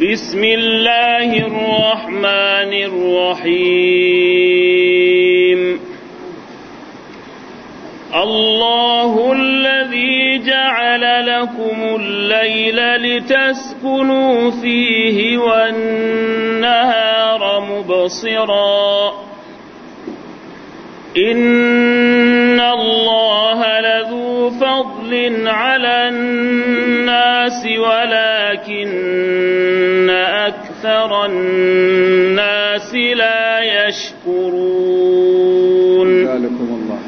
بسم الله الرحمن الرحيم الله الذي جعل لكم الليل لتسكنوا فيه والنهار مبصرا إن فضل على الناس ولكن أكثر الناس لا يشكرون ذلكم الله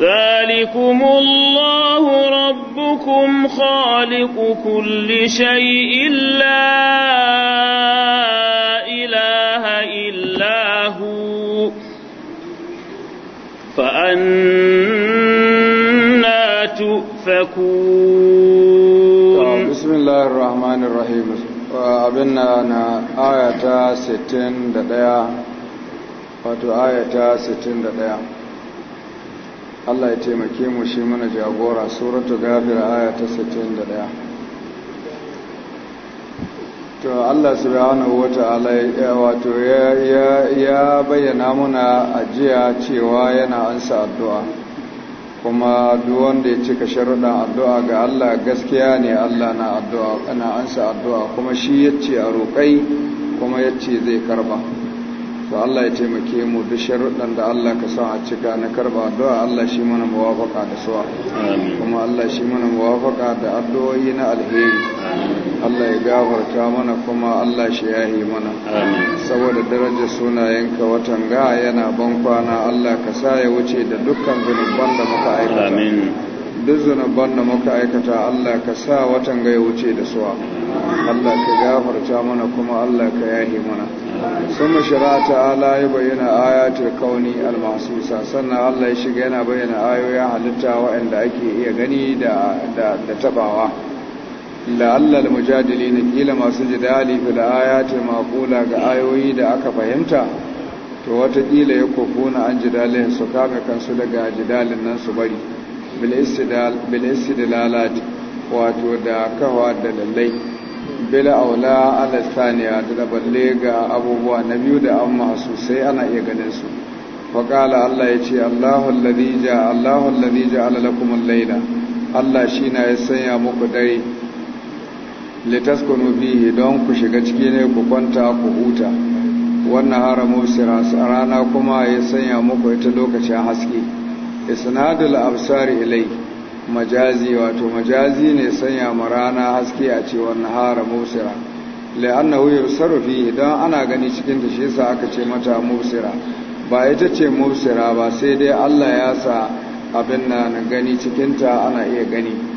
ذلكم الله ربكم خالق كل شيء لا إله إلا هو فأنت يؤفكون بسم الله الرحمن الرحيم abinna na ayata 61 فتو آية 61 Allah ya taimake mu jagora suratu gafir 61 to Allah subhanahu wata'ala ya wato ya bayyana muna ajiya cewa yana ansa addu'a kuma duk wanda ya cika sharuɗan addu'a ga Allah gaskiya ne Allah na addu'a an ansa addu'a kuma shi ya ce a roƙai kuma ya ce zai karba to Allah ya taimake mu duk sharuɗan da Allah ka sa a cika na karba addu'a Allah shi mana mawafaka da suwa kuma Allah shi mana mawafaka da addu'o'i na alheri Allah ya gafarta mana kuma Allah shi yi mana saboda daraja sunayenka watan ga yana ban kwana Allah ka sa ya wuce da dukkan zunuban da muka aikata duk zunuban da muka aikata Allah ka sa watan ga ya wuce da suwa Allah ka gafarta mana kuma Allah ka yahi mana ya bayyana ayatul kauni al الكون المحسوسة Allah ya shiga yana bayyana ayoyin halitta wa'anda ake iya gani da tabawa la'allal mujadili na kila masu jidali fil ayati maqula ga ayoyi da aka fahimta to watakila ya kofuna an jidalin su kame kansu daga jidalin nan su bari bil istidlalat wato da kawa da lallai bil aula ala thaniya da balle ga abubuwa na biyu da an masu sai ana iya ganin su faqala Allah yace ce alladhi ja Allahu ladija laila Allah shi na ya sanya muku dare litaskunu fihi don ku shiga ciki ne ku kwanta ku huta wannan haramu rana kuma ya sanya muku ita lokacin haske isnadul absari ilai majazi wato majazi ne sanya ma rana haske a ce wannan haramu sira la'annahu yusaru fihi don ana gani cikin ta shi yasa aka ce mata mubsira ba ita ce mubsira ba sai dai Allah ya sa abin nan gani cikin ta ana iya gani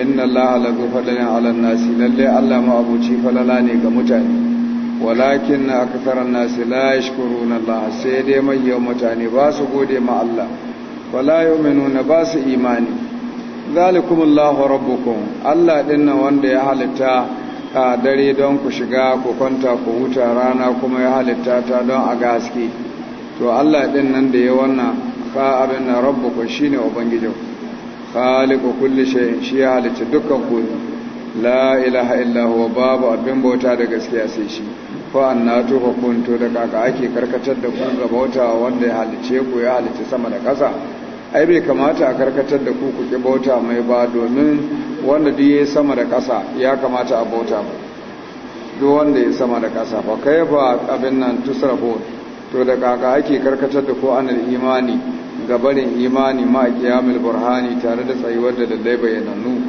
inna Allah la bifadlin ala nasi lalle allah ma abuci falala ne ga mutane walakin na aktharan nasi la na allah sai dai mai yau mutane ba su gode ma allah mai nuna ba su imani zalikun allah rabbukum allah dinna wanda ya halitta a dare don ku shiga ku kwanta ku huta rana kuma ya halitta ta don a gaske to allah din nan da ya wannan ka abin na shi shine ubangijinku khaliqu kulli shay'in shi ya halicci dukkan komai la ilaha illa huwa babu abin bauta da gaskiya sai shi fa annatu fa kuntu da kaka ake karkatar da kun ga bauta wanda ya halice ku ya halice sama da ƙasa ai bai kamata a karkatar da ku ku ki bauta mai ba domin wanda duk yayi sama da ƙasa ya kamata a bauta ba duk wanda ya sama da ƙasa fa ba abin nan tusrafun to da kaka ake karkatar da ku anil imani gabarin imani ma a kiyamil burhani tare da tsayuwar da dalilai bayanannu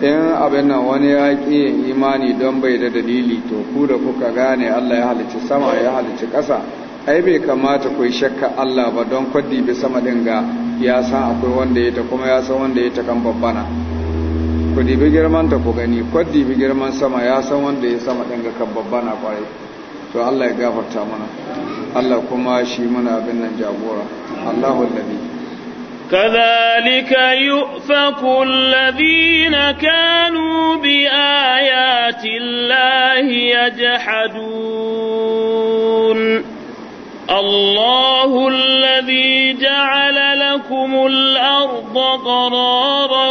in abin nan wani ya ƙi imani don bai da dalili to ku da kuka gane Allah ya halicci sama ya halicci ƙasa ai bai kamata ku shakka Allah ba don kwaddi bi sama din ga ya san akwai wanda ya ta kuma ya san wanda ya ta kan babbana ku dibi girman ta ku gani kwaddi bi girman sama ya san wanda ya sama din ga kan babbana kwarai to Allah ya gafarta mana Allah kuma shi muna abin nan jagora الله الذي كذلك يؤفك الذين كانوا بآيات الله يجحدون الله الذي جعل لكم الأرض قرارا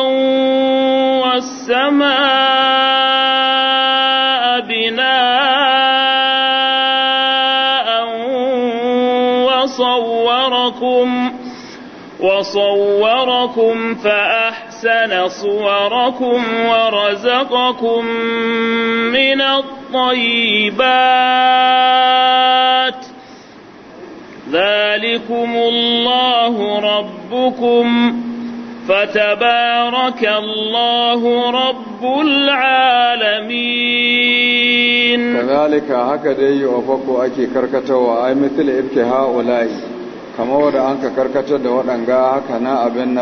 والسماء صوركم فأحسن صوركم ورزقكم من الطيبات ذلكم الله ربكم فتبارك الله رب العالمين كذلك هكذا يوفق أكي كركته وآي مثل إبكها أولئك kamar wadda an ka karkatar da waɗanga haka na abin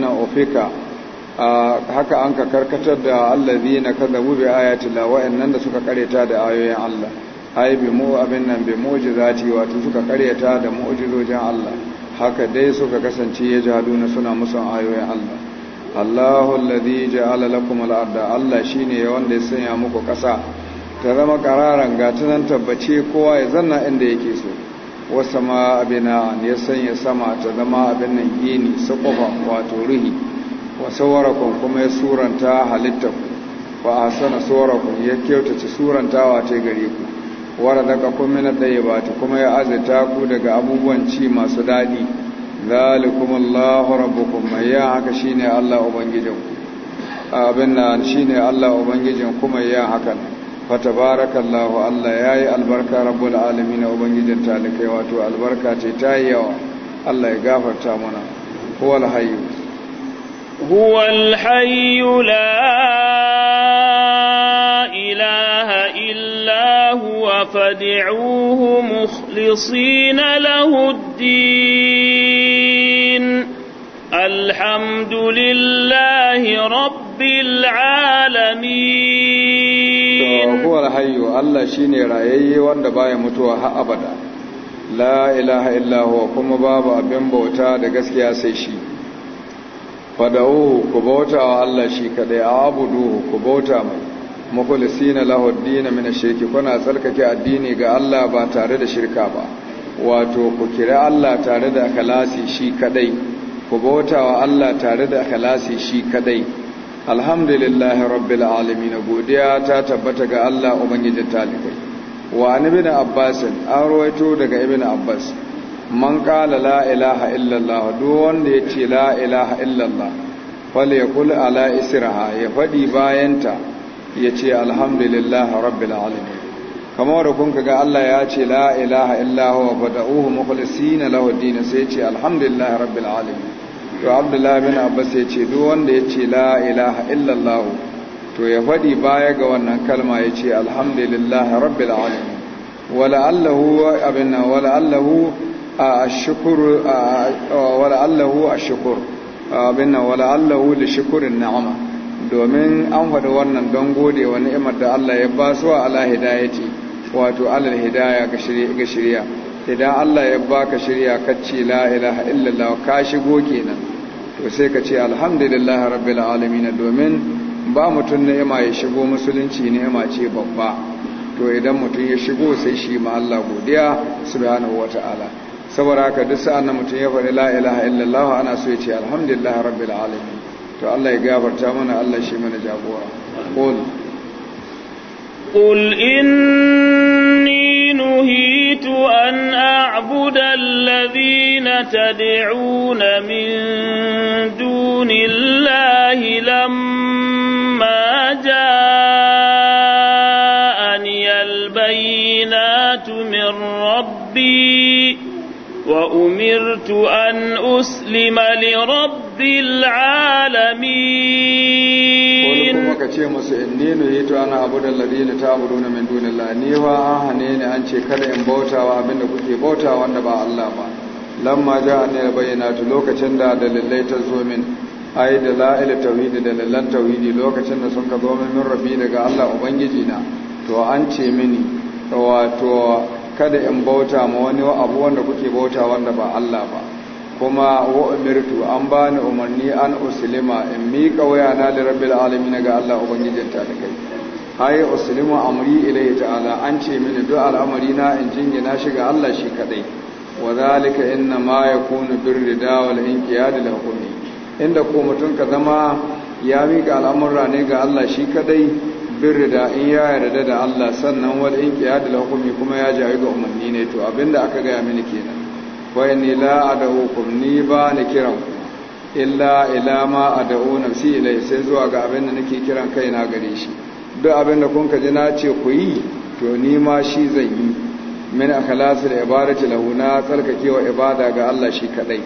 na ofika haka an ka karkatar da allazi na kazzabu bi ayatillah nan da suka kareta da ayoyin Allah ai bi mu abin nan bi mu'jizati wato suka kareta da mu'jizojin Allah haka dai suka kasance ya na suna musu ayoyin Allah Allahu allazi ja'ala lakum al-arda Allah shine wanda ya sanya muku kasa ta zama kararan gatunan tabbace kowa ya zanna inda yake so wasa ma abina ya sanya sama ta zama abin nan gini sakofa wato ruhi wasa warakon kuma ya suranta halitta ku ba a sana tsorakun ya kyautace surantawa ta gare ku wara daga kuma na ɗaya ba ta kuma ya azata ku daga abubuwan ci masu daɗi zalikum allahu rabbukum mai ya haka shine allah ubangijin abin nan shine allah ubangijin kuma ya hakan fatabarakallahu Allah yayi albarka rabbul alamin ubangijin talikai wato albarka ce ta yi yawa Allah ya gafarta mana huwal hayu. huwal hayu la ilaha illa huwa fad'uhu mukhlisina lahu ad-din الحمد لله رب العالمين هو الحي الله شيني رايي wanda baya mutuwa har abada la ilaha illa huwa kuma babu abin bauta da gaskiya sai shi fada'u ku bauta wa Allah shi kadai abudu ku bauta mai mukhlisina lahu ad-din min shirki kuna tsarkake addini ga Allah ba tare da shirka ba wato ku kira Allah tare da ikhlasi shi kadai ku bauta wa Allah tare da ikhlasi shi kadai alhamdulillahi rabbil alamin godiya ta tabbata ga Allah ubangijin talibai wa an ibn abbas an rawaito daga ibn abbas man qala la ilaha illallah duk wanda yace la ilaha illallah fal yaqul ala isra ya fadi bayanta yace alhamdulillahi rabbil alamin kamar da kun ga Allah ya ce la ilaha illahu wa fada'uhu mukhlisina lahu dinin sai ce alhamdulillahi rabbil alamin to abdullahi bin abbas ya ce duk wanda ya ce la ilaha illallah to ya faɗi baya ga wannan kalma ya ce alhamdulillah rabbil alamin wala allahu abinna wala allahu ashkur wala allahu ashkur abinna wala allahu li shukrin ni'ama domin an faɗi wannan don gode wa ni'imar da Allah ya ba su ala hidayati wato alal hidaya ga shirya idan Allah ya baka shirya kacce la ilaha illallah ka shigo kenan to sai ka ce alhamdulillah rabbil alamin domin ba mutum ni'ima ya shigo musulunci ni'ima ce babba to idan mutum ya shigo sai shi ma Allah godiya subhanahu wataala saboda haka duk sa'an mutum ya faɗi la ilaha illallah ana so ya ce alhamdulillah rabbil alamin to Allah ya gafarta mana Allah shi mana jagora qul قل إني نهيت أن أعبد الذين تدعون من دون الله لما جاءني البينات من ربي وأمرت أن أسلم لرب العالمين قل كما كتير مسئنين ويتو أنا عبد الذين تعبدون من دون الله نيوا أهنين أنشي كلا إن بوتا وأبن كتي بوتا وأن با الله با لما جاءني البينات لوكا چندا دللي تزومن أي دلائل توحيد دللان توحيد لوكا چندا سنك دومن من ربي لغا الله أبنجي جينا تو أنشي مني wato kada in bauta ma wani abu wanda kuke bauta wanda ba Allah ba kuma wa umirtu an bani umarni an usulima in miƙa wayana da rabbil na ga Allah ubangijin ta da kai ai usulima amri ilayhi ta'ala an ce mini duk al'amari na in jinge na shiga Allah shi kadai wa zalika inna ma yakunu birrida wal inqiyad lil hukmi inda ko mutum ka zama ya miƙa al'amura ne ga Allah shi kadai birri da in ya yarda da Allah sannan wani in qiyad da hukumi kuma ya jawo ga umarni ne to abinda aka gaya mini kenan wa inni la ad'ukum ni ba ni kiran illa ila ma ad'u nafsi ilai sai zuwa ga abinda nake kiran kai na gare shi duk abinda kun ka ji na ce ku yi to ni ma shi zan yi min da ibadati lahu na tsarkakewa ibada ga Allah shi kadai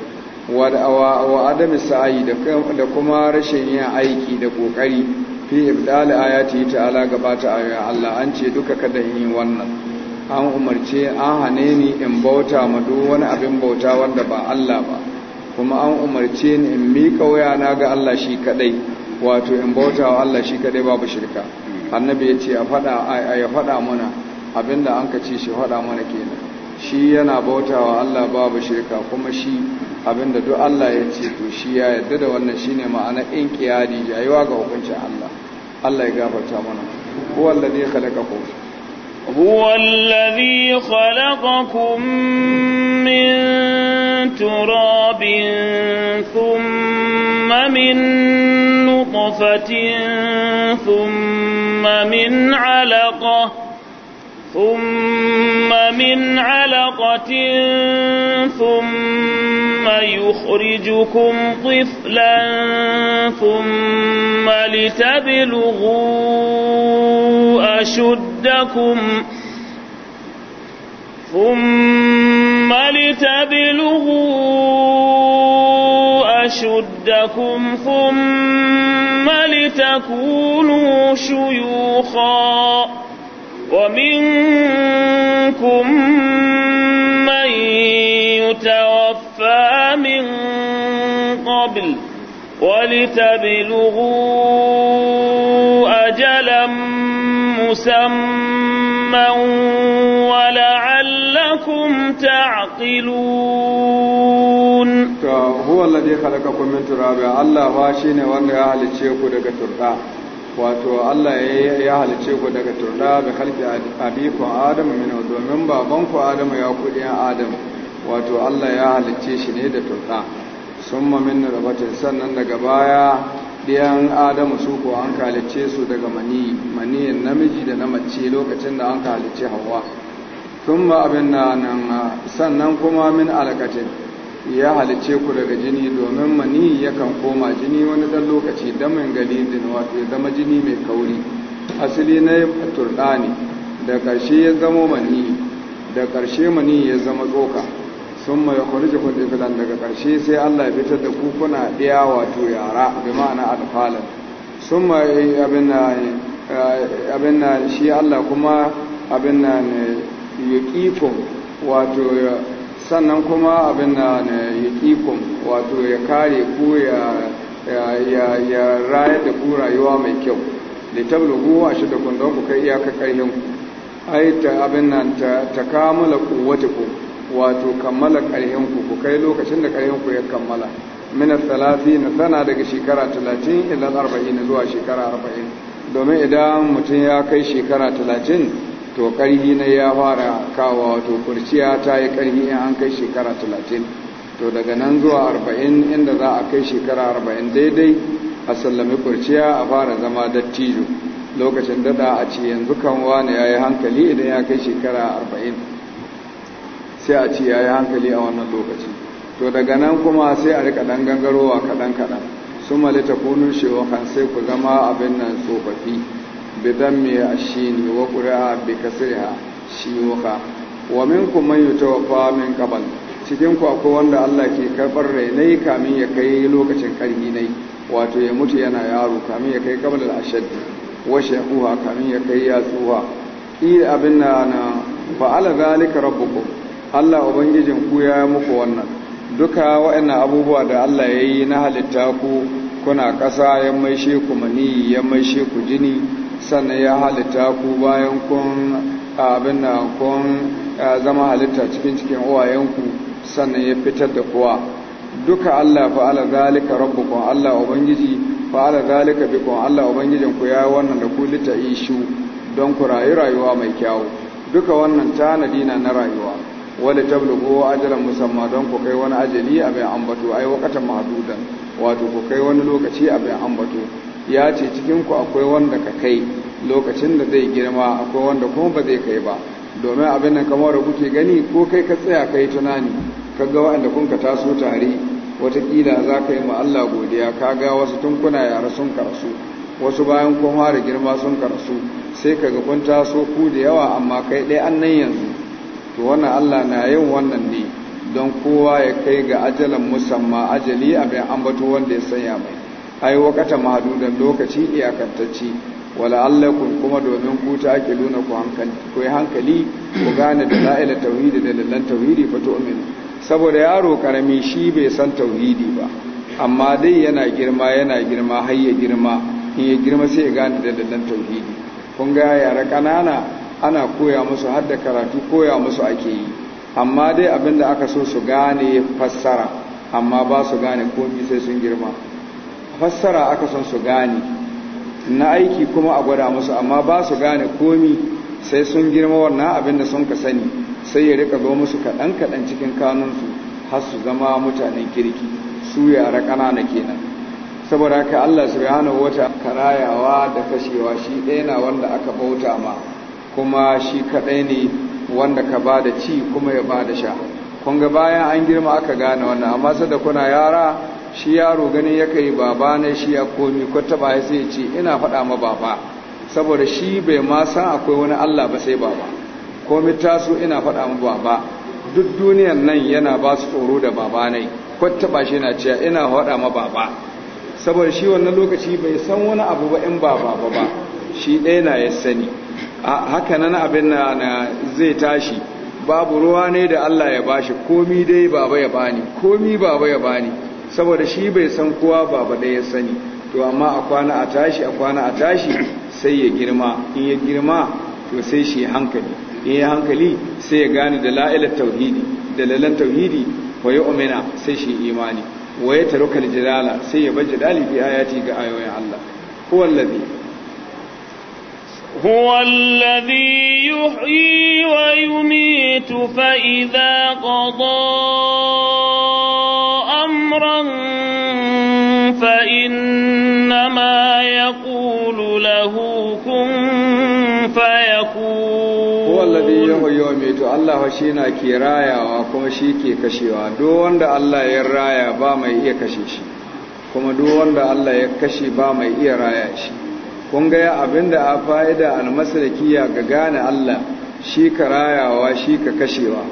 wa adami sa'ayi da kuma rashin yin aiki da kokari fi ibdali ayati ta'ala gabata ayi Allah an ce duka kada yin yi wannan an umarce an hane ni in bauta ma duk wani abin bauta wanda ba Allah ba kuma an umarce ni in mika na ga Allah shi kadai wato in bauta wa Allah shi kadai babu shirka annabi ya ce a ya faɗa mana abinda an ka ce shi faɗa mana kenan shi yana bauta wa Allah babu shirka kuma shi abinda duk Allah ya ce to shi ya yarda da wannan shine ma'ana in kiyadi jayuwa ga hukuncin Allah Allah ya gafarta mana huwa alladhi khalaqakum huwa alladhi khalaqakum min turabin thumma min nutfatin thumma min 'alaqah ثم من علقة ثم يخرجكم طفلا ثم لتبلغوا أشدكم ثم لتبلغوا أشدكم ثم لتكونوا شيوخا ومنكم من يتوفى قبل ولتبلغوا أجلا مسمى ولعلكم تعقلون هو الذي خلقكم من تراب الله واشين وان أهل تشيكو دك ترقى wato Allah ya halice ku daga turda da halki abiku Adamu min domin babanku Adamu ya kudi Adamu wato Allah ya halice shi ne da turda sun mamin rabatin sannan daga baya ɗiyan adamu su ko an kalice su daga mani mani namiji da na mace lokacin da an kalice hawa sun abin na nan sannan kuma min alakatin ya halice ku daga jini domin mani yakan koma jini wani dan lokaci damin galidin wato ya zama jini mai kauri asali na turɗani da karshe ya zama mani da karshe mani ya zama tsoka sun mai kwarje kun filan daga ƙarshe sai Allah ya fitar da kukuna ɗaya wato yara bi ma'ana alfalan sun mai eh, abin na eh, shi Allah kuma abin na eh, yaƙikun wato sannan kuma abin na yaƙikun wato ya kare ku ya rayar da ku rayuwa mai kyau da tablugu a shi kun don ku kai iyakar ƙarhin ku ai ta abin nan ta kamula kuwata ku wato kammala ƙarhinku ku kai lokacin da ƙarhinku ya kammala min salafi na sana daga shekara talatin ila arba'in zuwa shekara arba'in domin idan mutum ya kai shekara talatin to ƙarhi na ya fara kawo wato kurciya ta yi ƙarhi in an kai shekara talatin to daga nan zuwa arba'in inda za a kai shekara arba'in daidai a sallami kurciya a fara zama dattijo lokacin da da a ce yanzu kan wani ya yi hankali idan ya kai shekara arba'in sai a ce yayi hankali a wannan lokaci to daga nan kuma sai a rika dan gangarowa kadan kadan sun malita kunun kan sai ku zama abin nan tsofaffi bidan mai ne wa ƙuri'a bi shi shiwuka wa ku man tawafa min qabl cikin ku akwai wanda Allah ke karbar rainai kamin ya kai lokacin karfi nai wato ya mutu yana yaro kamin ya kai kabal al wa shaquha kamin ya kai yatsuha i na zalika rabbukum Allah ubangijin ku ya muku wannan duka waɗannan abubuwa da Allah ya yi na halitta ku kuna ƙasa ya maishe ku mani ya maishe ku jini sannan ya halitta ku bayan kun abin da kun zama halitta cikin cikin uwayenku sannan ya fitar da kuwa duka Allah fa'ala zalika rabbukum Allah ubangiji fa'ala zalika bikum Allah ubangijin ku ya wannan da ku lita ishu don ku rayu rayuwa mai kyau duka wannan tanadi na rayuwa wani tablugo ajalan musamman don ku kai wani ajali a bayan ambato ai wakatan mahdudan wato ku kai wani lokaci a bayan ambato ya ce cikin ku akwai wanda ka kai lokacin da zai girma akwai wanda kuma ba zai kai ba domin abin nan kamar da kuke gani ko kai ka tsaya kai tunani ga waɗanda kun ka taso tare watakila za ka yi ma Allah godiya ga wasu tun kuna yara sun karasu wasu bayan kuma da girma sun karasu sai kaga kun taso ku da yawa amma kai ɗaya nan yanzu to wannan Allah na yin wannan ne don kowa ya kai ga ajalan musamman ajali a abin ambato wanda ya sanya mai ai wakata mahadudan lokaci iyakantacci wala ku kuma domin ku ta ake nuna ku hankali ku hankali ku gane da la'ila tauhidi da lallan tauhidi fa amin saboda yaro karami shi bai san tauhidi ba amma dai yana girma yana girma har ya girma in ya girma sai ya gane da lallan tauhidi kun ga yara kanana ana koya musu har da karatu koya musu ake yi amma dai abinda aka so su gane fassara amma ba su gane komi sai sun girma fassara aka son su gane na aiki kuma a gwada musu amma ba su gane komi sai sun girma wannan abinda sun ka sani sai ya rika zo musu kaɗan kaɗan cikin kanunsu har su zama mutanen kirki su yara ƙanana kenan saboda ka Allah subhanahu wata karayawa da kashewa shi ɗaya na wanda aka bauta ma kuma shi kaɗai ne wanda ka ba da ci kuma ya ba da sha Kunga bayan an girma aka gane wannan amma sada kuna yara shi yaro ganin ya kai baba ne shi ya komi ko taba ya sai ce ina faɗa ma baba saboda shi bai ma san akwai wani Allah ba sai baba komi taso ina faɗa ma baba duk duniyan nan yana ba su tsoro da baba ne ko taba shi na cewa ina faɗa ma baba saboda shi wannan lokaci bai san wani abu ba in ba baba ba shi ɗaya na ya sani haka nan abin na zai tashi babu ruwa ne da Allah ya bashi komi dai baba ya bani komi baba ya bani saboda shi bai san kowa baba da ya sani to amma a kwana a tashi a a tashi sai ya girma in ya girma to sai shi hankali in ya hankali sai ya gane da la'ilar tauhidi da lalan tauhidi wa ya umina sai shi imani wa ya tarukal jidala sai ya bar jidali bi ayati ga ayoyin Allah huwallazi هو الذي يحيي ويميت فإذا قضى أمرا فإنما يقول له كن فيكون هو الذي يحيي ويميت الله شينا كي رايا وكما شيكي كشيوا دون الله يرايا با ما يكشي شي kuma duk wanda Allah ya kashe ba mai iya raya shi kun ga abinda a fa'ida almaslakiya ga gane Allah shi ka rayawa shi ka kashewa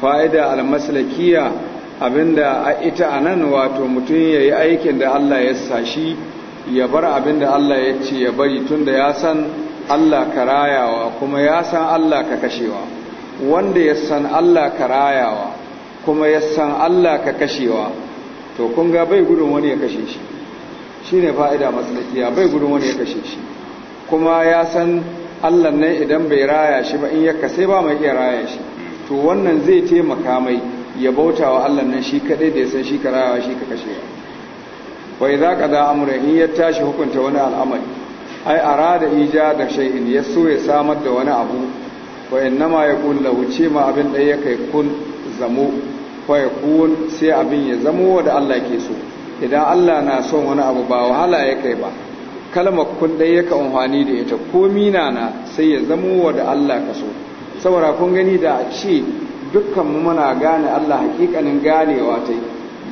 fa'ida almaslakiya abinda a ita a nan wato mutum ya yi aikin da Allah ya shi ya bar abinda Allah ya ce ya bari tun da ya san Allah ka rayawa kuma ya san Allah ka kashewa wanda ya san Allah ka rayawa kuma ya san Allah ka kashewa to kunga bai gudun wani ya kashe shi Shi ne fa'ida matsalakiya bai gudun wani ya kashe shi kuma ya san allan nan idan bai raya shi ba in ya sai ba mai iya raya shi to wannan zai taimaka mai ya bauta wa allan nan shi kadai da ya san shi ka raya shi ka kashe wai za ka a amura in ya tashi hukunta wani al'amari ai a rada ija da shay'in ya so ya samar da wani abu na ma ya kulla wuce ma abin da ya kai kun zamo kwaya kun sai abin ya zamo da Allah ke so idan Allah na son wani abu ba wahala ya kai ba kalmar kun dai yaka amfani da ita ko mina na sai ya zamo wa da Allah ka so saboda kun gani da a ce dukkan mu muna gane Allah hakikanin ganewa ta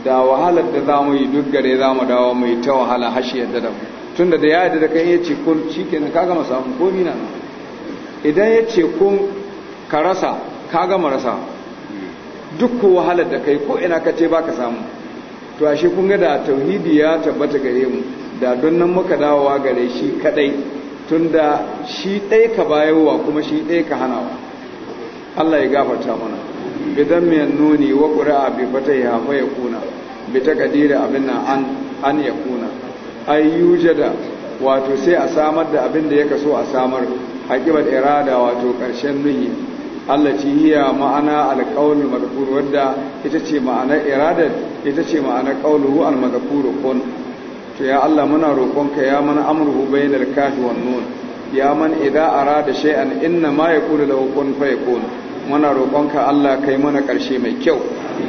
da wahalar da za mu yi duk gare za mu dawo mai ta wahala hashi yadda da mu tunda da ya yadda da kan ya ce kun shi kenan ka gama samun ko mina na idan ya ce kun ka rasa ka rasa duk wahalar da kai ko ina ka ce ba ka samu to ashe kun ga da tauhidi ya tabbata gare mu da don nan muka dawowa gare shi kadai tun da shi ɗaya ka bayowa kuma shi ɗaya ka hanawa Allah ya gafarta mana bidan mai nuni wa ƙuri'a bi fata ya hafa ya kuna bi ta kadira abin an ya kuna da wato sai a samar da abin da ya kaso a samar haƙibar irada wato ƙarshen nuni. Allah allati hiya ma'ana alqawl al-madhkur wadda ita ce ma'ana iradat ita ce ma'ana qawluhu al kun to ya Allah muna roƙonka ya man amruhu bainal kafi wan nun ya man idza arada shay'an inna ma yaqulu lahu kun fayakun muna roƙonka Allah kai mana ƙarshe mai kyau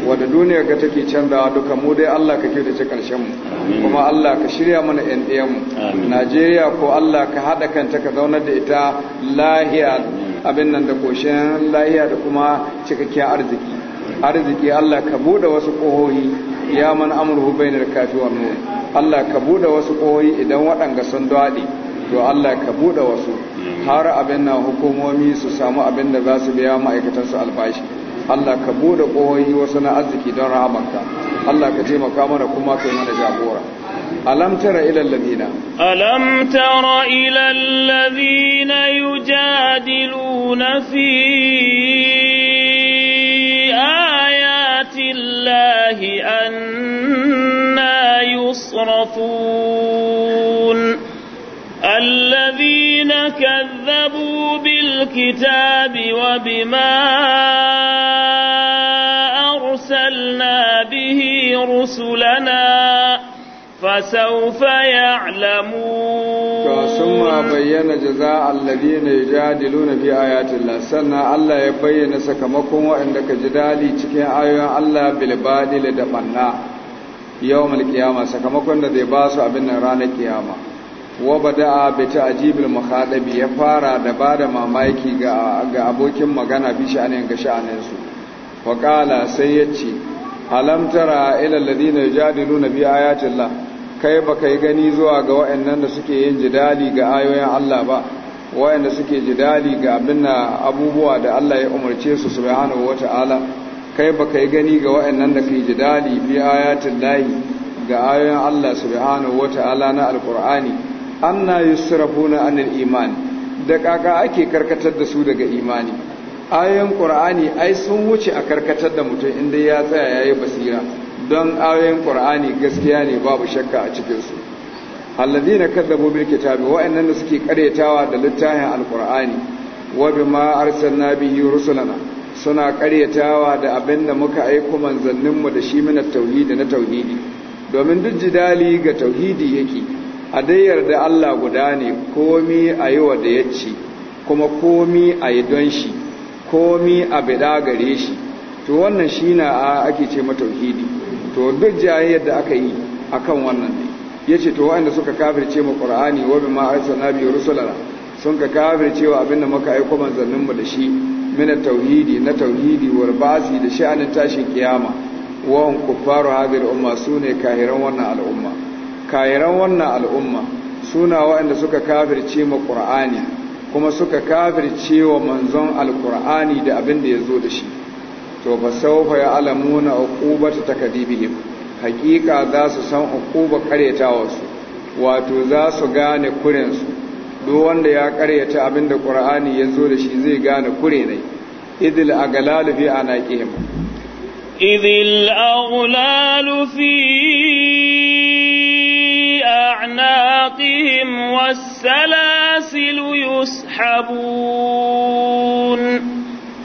wadda duniyar ga take canzawa duka mu dai Allah ka kyautace karshen mu kuma Allah ka shirya mana yan ɗiyan mu Najeriya ko Allah ka haɗa kanta ka zauna da ita lahiya abin nan da koshin lahiya da kuma cikakkiyar arziki arziki Allah ka buɗe wasu ƙohohi ya man amurhu bainar kafi wa Allah ka buɗe wasu ƙohohi idan waɗanga sun daɗe to Allah ka buɗe wasu har abin na hukumomi su samu abin da za su biya ma'aikatansu albashi Allah ka bude kohoyi wasu na arziki don rahamarka Allah ka taimaka mana kuma kai mana jagora alam tara ila alladhina alam tara ila alladhina yujadiluna fi ayati llahi anna yusrafun alladhina kadhabu bi الكتاب وبما أرسلنا به رسلنا فسوف يعلمون ثم بين جزاء الذين يجادلون في آيات الله سنة الله يبين سكمكم وإنك جدالي تكي آية الله بالبادل دبنا يوم القيامة سكمكم ذي باسو أبن رانا القيامة wa bada'a bi ta'jibil mukhadabi ya fara da bada mamaki ga ga abokin magana bi sha'anin ga sha'anin su fa qala sai yace alam tara ila alladhina yujadiluna bi ayati llah kai ba kai gani zuwa ga wayannan da suke yin jidali ga ayoyin Allah ba wayanda suke jidali ga abin abubuwa da Allah ya umarce su subhanahu wata'ala kai ba kai gani ga wayannan da kai jidali bi ayati llah ga ayoyin Allah subhanahu wata'ala na alqur'ani anna yusrafuna anil iman da kaka ake karkatar da su daga imani ayoyin qur'ani ai sun wuce a karkatar da mutum inda ya tsaya yayi basira don ayoyin qur'ani gaskiya ne babu shakka a cikin su alladhina kadzabu bil kitabi wa'annan da suke karyatawa da littafin alqur'ani wa bima arsalna bihi rusulana suna karyatawa da abinda muka aiko manzanninmu da shi mina tauhidi na tauhidi domin duk jidali ga tauhidi yake a dai yarda Allah guda ne komi a yi wa da ya ci kuma komi a yi don shi komi a bida gare shi to wannan shi na ake ce matauhidi to duk jayayyar yadda aka yi a kan wannan ne ya ce to waɗanda suka kafirce mu ƙura'ani wa bi ma'aisa na biyu rusulara sun ka kafirce wa abin da muka aiko manzanninmu da shi mina tauhidi na tauhidi wal ba'si da sha'anin tashin kiyama wa'an kuffaru hadhihi umma su sune kahiran wannan al'umma kayiran wannan al'umma suna waɗanda suka kafirce ma ƙur'ani kuma suka kafirce wa manzon alƙur'ani da abin da ya zo da shi to ba fa ya alamu na uquba ta takadibihim hakika za su san uquba karyatawarsu wato za su gane kurensu duk wanda ya karyata abin da ƙur'ani ya zo da shi zai gane kure ne idil agalal fi anaqihim idil aghlal fi أعناقهم والسلاسل يسحبون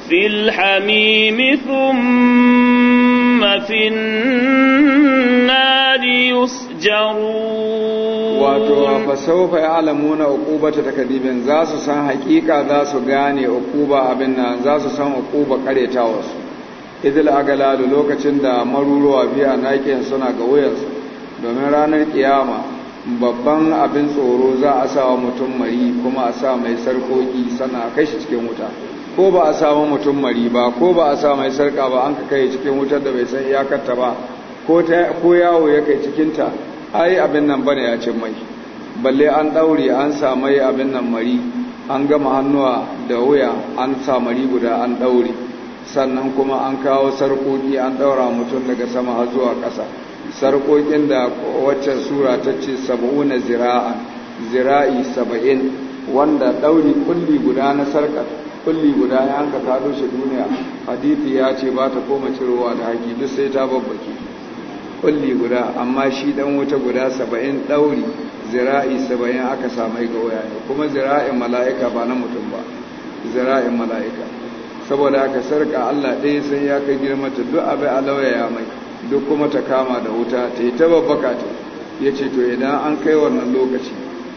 في الحميم ثم في النار يسجرون wato fasaufa ya alamuna uqubata takdibin za su san hakika zasu gane uquba abin nan za su san uquba karetawa su idil agalalu lokacin da maruruwa a naƙin suna ga wuyansu domin ranar kiyama babban abin tsoro za a sawa mutum mari kuma a sa mai sarkoki sana kashi cikin wuta ko ba a samu mutum mari ba ko ba a sa mai sarka ba an ka cikin wutar da bai san iyakarta ba ko yawo ya kai cikinta ai abin nan bane ya cin mai balle an ɗaure an sa mai abin nan mari an gama hannuwa da wuya an sa mari guda an ɗaure sannan kuma an kawo sarkoki an ɗaura mutum daga sama har zuwa ƙasa sarƙoƙin da waccan sura ta ce saba'una zira'an zira'i saba'in wanda ɗauri kulli guda na sarƙar kulli guda ya hanka ta doshe duniya hadithi ya ce ba ta koma cirowa da haƙi duk sai ta babbake kulli guda amma shi ɗan wuta guda saba'in ɗauri zira'i saba'in aka samai ga waya ne kuma zira'in mala'ika ba na mutum ba zira'in mala'ika saboda aka sarƙa allah ɗaya sai ya kai girmata duk abai a lauyaya mai duk kuma ta kama da wuta ta yi ta babbaka ta ya ce to idan an kai wannan lokaci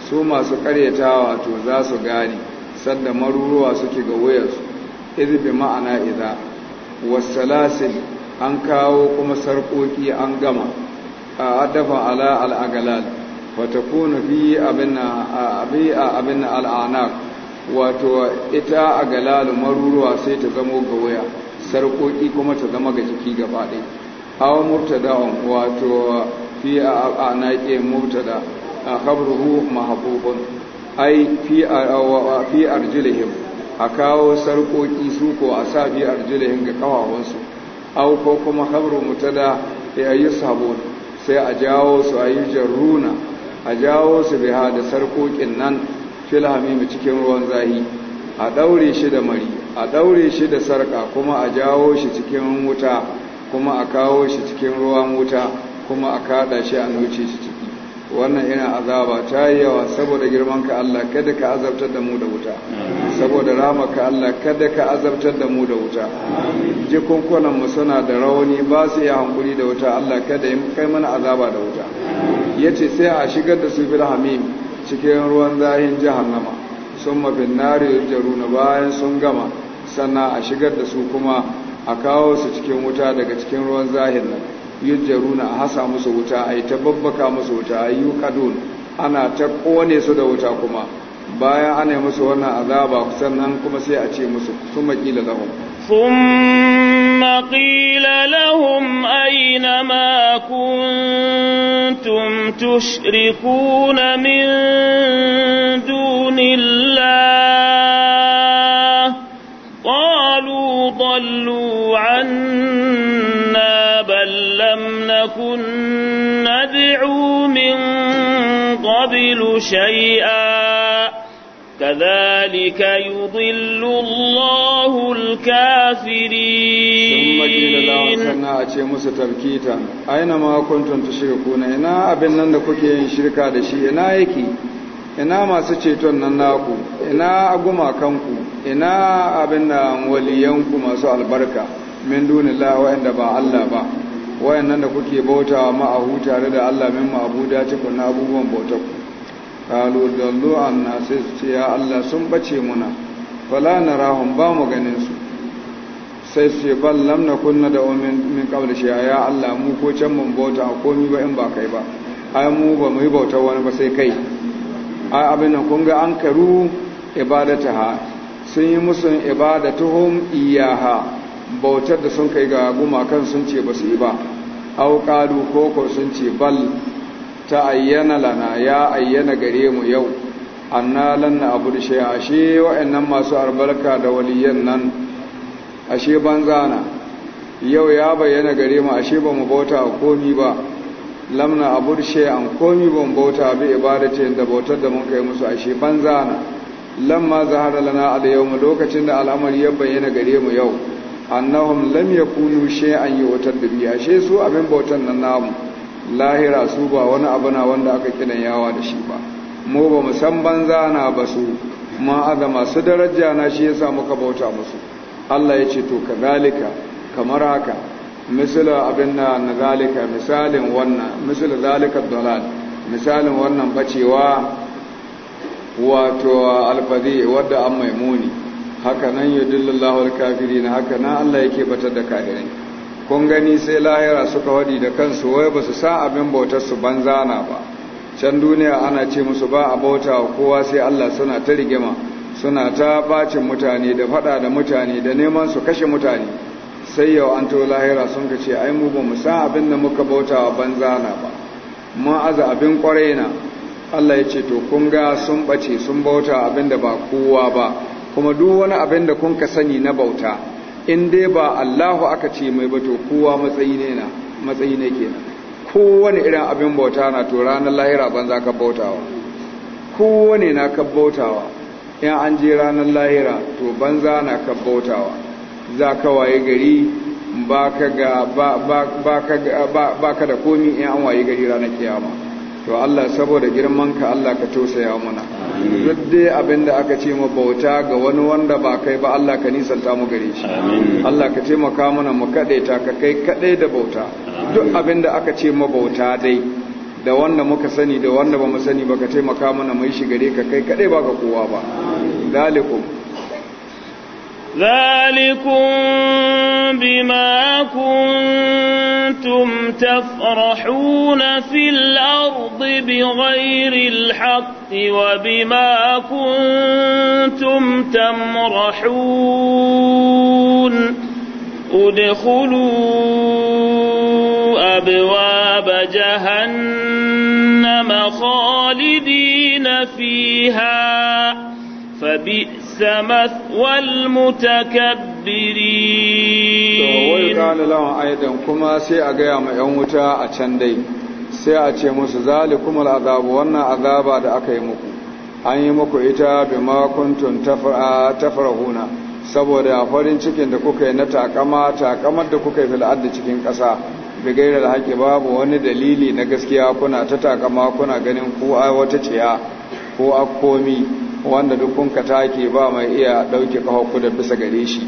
su masu karyatawa to za su gani sanda maruruwa suke ga wayarsu izbi ma'ana iza wasalasil an kawo kuma sarƙoƙi an gama a dafa ala al'agalal wata kuna fi abin al'anak wato ita agalalu maruruwa sai ta zamo ga waya sarƙoƙi kuma ta zama ga jiki gaba ɗaya aw mubtada'un wato fi murtada, a khabruhu mahbubun ai fi fi arjulihim a kawo sarkoki su ko a sa fi arjulihim ga kawawansu aw ko kuma khabru mutada ya yi sabon sai a jawo su ayi yi jarruna a jawo su biha da sarkokin nan filhamimi cikin ruwan zahi a daure shi da mari a daure shi da sarka kuma a jawo shi cikin wuta kuma a kawo shi cikin ruwan wuta kuma a kada shi a noce shi ciki wannan irin azaba ta yi yawa saboda girman ka Allah kada ka azabtar da mu da wuta saboda ramaka Allah kada ka azabtar da mu da wuta jikunkunan mu suna da rauni ba su iya hankuri da wuta Allah kada ya kai mana azaba da wuta yace sai a shigar da su hamim cikin ruwan zahin jahannama sun mafi nari jaruna bayan sun gama sannan a shigar da su kuma a kawo su cikin wuta daga cikin ruwan zahir nan yujjaruna a hasa musu wuta a yi ta musu wuta a yi kadun ana ta kone su da wuta kuma bayan ana musu wannan azaba sannan kuma sai a ce musu sun maƙila lahum aina قيل لهم أين ضلوا عنا بل لم نكن ندعو من قبل شيئا كذلك يضل الله الكافرين ثم قيل لهم سنة موسى تبكيتا أينما كنتم تشركون هنا أبنان كوكي شركا دشي نايكي يكي ina masu ceton nan naku ina agumakanku ina abin da waliyanku masu albarka min dunillah wa'anda ba Allah ba wayannan da kuke bautawa ma'ahu tare da Allah min dace ku na abubuwan bautar ku kalu dallu anna sai ce ya Allah sun bace muna fala narahum ba mu ganin su sai su ban lam kunna da min qabl shi ya Allah mu ko can mun bauta ko mu ba in ba kai ba ai mu ba mu yi bauta wani ba sai kai ai abin nan kun ga an karu ha. sun yi musu ibada ibadatuhum iyaha bautar da sun kai ga gumakan sun ce ba su yi ba au qalu koko sun ce bal ta ayyana lana ya ayyana gare mu yau anna lan na abu da shi ashe wa'annan masu albarka da waliyan nan ashe banzana yau ya bayyana gare mu ashe ba mu bauta komi ba lamna burshe an komi ban bauta bi ibadati da bautar da mun kai musu ashe banza na lamma zahara lana al yawm lokacin da al'amari ya bayyana gare mu yau annahum lam yakunu shay'an da bi ashe su abin bautar nan namu lahira su ba wani abu na wanda aka kidan yawa da shi ba mu ba mu san banza na ba su ma azama su daraja na shi yasa muka bauta musu Allah ya ce to kadhalika kamar haka misala abin na na zalika misalin wannan misala zalika dalal misalin wannan bacewa wato alfadi wadda an maimuni haka nan ya dillallahu alkafiri na haka nan Allah yake batar da kafirai kun gani sai lahira suka wadi da kansu wai ba su sa abin bautar su banzana ba can duniya ana ce musu ba a bauta wa kowa sai Allah suna ta rigima suna ta bacin mutane da fada da mutane da neman su kashe mutane sai yau an to lahira sun ka ce ai mu ba mu san abin da muka bauta wa banza na ba mu aza abin kwarai na Allah ya ce to kun ga sun bace sun bauta abin da ba kowa ba kuma duk wani abin da kun ka sani na bauta in dai ba Allahu aka ce mai ba to kowa matsayi ne na matsayi ne kenan kowane irin abin bauta na to ranar lahira banza ka bautawa kowane na ka bautawa in an je ranar lahira to banza na ka bautawa za ka waye gari ba ka da komi in an waye gari ranar kiyama to Allah saboda girman ka Allah ka tausaya mana duk dai abin da aka ce ma bauta ga wani wanda ba kai ba Allah ka nisanta mu gare shi Allah ka taimaka mana mu kadaita ka kai kadai da bauta duk abin da aka ce ma bauta dai da wanda muka sani da wanda ba mu sani ba ka taimaka mana mu yi shi gare ka kai kadai ba ka kowa ba dalikum ذلكم بما كنتم تفرحون في الأرض بغير الحق وبما كنتم تمرحون ادخلوا أبواب جهنم خالدين فيها فبئس بئس مثوى المتكبرين wai kana lawan aidan kuma sai a gaya ma yan wuta a can dai sai a ce musu zalikumul azabu wannan azaba da aka yi muku an yi muku ita bima kuntum tafrahuna saboda farin cikin da kuka yi na takama takamar da kuka yi fil'ad cikin ƙasa bigairar haƙi babu wani dalili na gaskiya kuna ta takama kuna ganin ko a wata ciya ko a komi wanda duk kun take ba mai iya ɗauke ƙahoku da bisa gare shi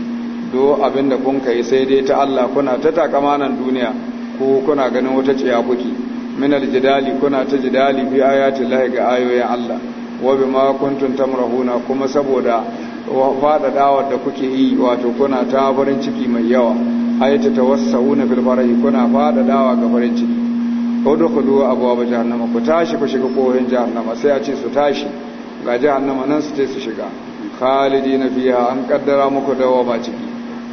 do abin da sai dai ta Allah kuna ta takamanan duniya ko kuna ganin wata ciya kuke min aljidali kuna ta jidali fi ayati lahi ga ayoyin Allah wa bima kuntum tamrahuna kuma saboda faɗaɗawar da kuke yi wato kuna ta farin ciki mai yawa ayata ta tawassauna fil farahi kuna faɗaɗawa ga farin ciki ko udkhulu ba jahannama ku tashi ku shiga kohin jahannama sai a ce su tashi ga jahannama nan su ce su shiga khalidi na fiya an kaddara muku dawa ba ciki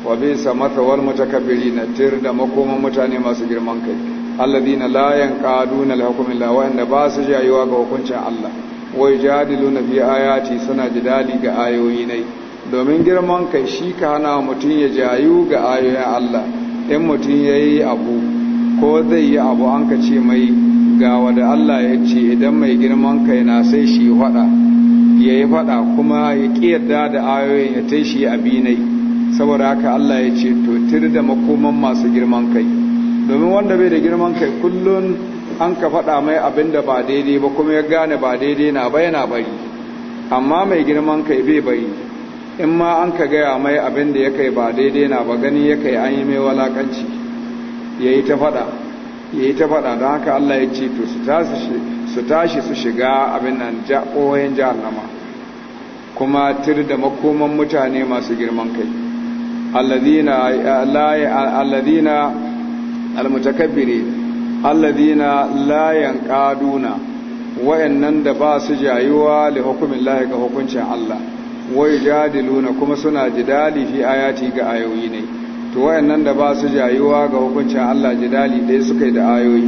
wa bi sa mutakabbiri na tir da makoman mutane masu girman kai alladina la yanqaduna lahukmillah wa inda ba su jayuwa ga hukuncin Allah wai jadiluna fi ayati suna jidali ga ayoyi ne domin girman kai shi ka hana mutum ya jayu ga ayoyin Allah in mutum yayi abu ko zai yi abu an ka ce mai gawa da Allah ya ce idan mai girman kai na sai shi faɗa ya yi faɗa kuma ya ƙiyarda da ayoyin ya ta shi binai saboda haka Allah ya ce to da makoman masu girman kai domin wanda bai da girman kai kullum an ka faɗa mai abin da ba daidai ba kuma ya gane ba daidai na ba yana bari amma mai girman kai bai bari in ma an ka gaya mai abin da ya kai ba daidai na ba gani ya kai an yi mai walakanci ya yi ta fada ya yi ta fada don haka Allah ya ce to su tashi su shiga abin nan ƙoyon jahannama kuma tir da makoman mutane masu girman kai alladina almutakabbiri alladina layan ƙaduna wa'annan da ba su jayuwa li hukumin lahi ga hukuncin Allah wai jadiluna kuma suna jidali fi ayati ga ayoyi ne to wayannan da ba su jayuwa ga hukuncin Allah jidali ɗaya suka yi da ayoyi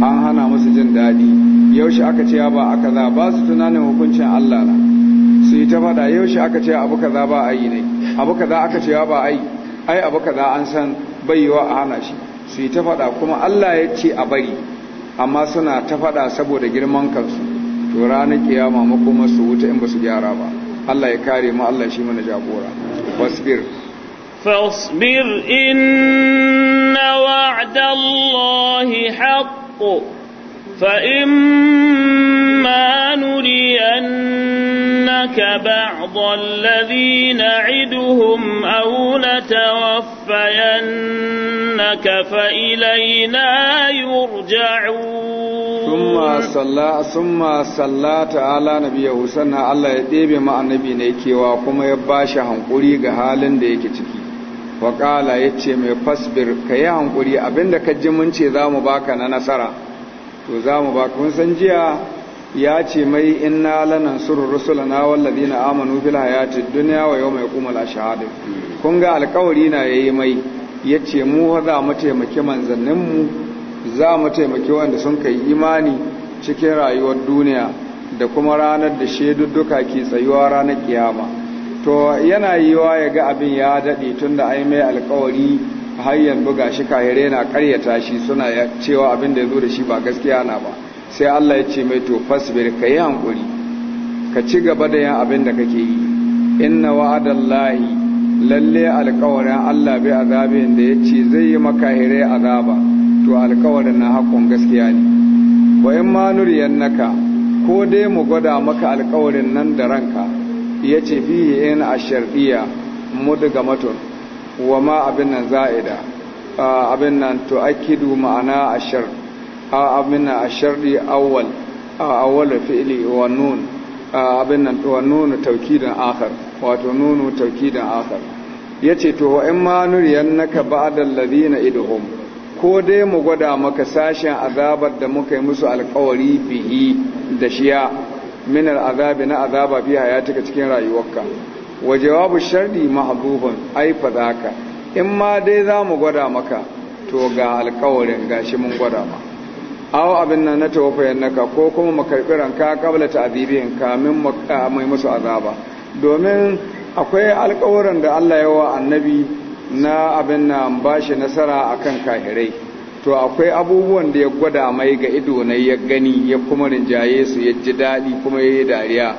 an hana musu jin daɗi yaushe aka ce ba aka za ba su tunanin hukuncin Allah na su yi ta faɗa yaushe aka ce abu kaza ba a yi ne abu kaza aka ce ba a yi ai abu kaza an san baiwa a hana shi su yi ta faɗa kuma Allah ya ce a bari amma suna ta faɗa saboda girman kansu to ranar kiyama makoma su wuta in ba su gyara ba Allah ya kare mu Allah shi mana jagora wasbir فاصبر إن وعد الله حق فإما نرينك بعض الذي نعدهم أو نتوفينك فإلينا يرجعون ثم صلى ثم صلى تعالى نبيه سنة الله يديبي مع النبي نيكي وكما يباشي هنقولي غهالن ديكي waƙala ya ce mai fasbir ka yi hankuri abinda ka ji mun ce za mu baka na nasara to za mu baka kun san jiya ya ce mai na lanar surun rusula na wallazi na amanu ya ce duniya wa yau mai kumala shahadu kun ga alkawari na yi mai ya ce mu za mu taimaki manzanninmu za mu taimaki wanda sun kai imani cikin rayuwar duniya da kuma ranar da shaidu duka ke tsayuwa ranar kiyama to yana yiwa ya ga abin ya daɗe tun da ai mai alkawari har yanzu ga shi kahire na karyata shi suna cewa abin da ya zo da shi ba gaskiya na ba sai Allah ya ce mai to fasbir ka yi hankuri ka ci gaba da yin abin da kake yi inna wa'adallahi lalle alkawarin Allah bai azabin da ya ce zai yi makahire azaba to alkawarin na hakkon gaskiya ne wa in ma nuriyannaka ko dai mu gwada maka alkawarin nan da ranka ya ce fihi in a ga matun wa ma abin nan za'ida abin nan tu'akkidu ma'ana ashar abin nan ashar'i a awwal fi'ili wa nun abin nan wa nunu don akar wato nunu akar ya yace to wa in ma ba da ladina idhum ko dai mu gwada maka sashen azabar da muka yi musu alkawari bihi da shiya min al'azabi na azaba fi hayatika cikin rayuwarka wa babu sharri mahdhufun ai fadaka in ma dai zamu gwada maka to ga alƙawarin gashi mun gwada ma aw abin nan na tawfayan naka ko kuma mu karbi ranka qabla ta'dibin kamin mai musu azaba domin akwai alƙawarin da Allah ya wa annabi na abin nan bashi nasara akan kahirai to akwai abubuwan da ya gwada mai ga ido na ya gani ya kuma rinjaye su ya ji daɗi kuma ya yi dariya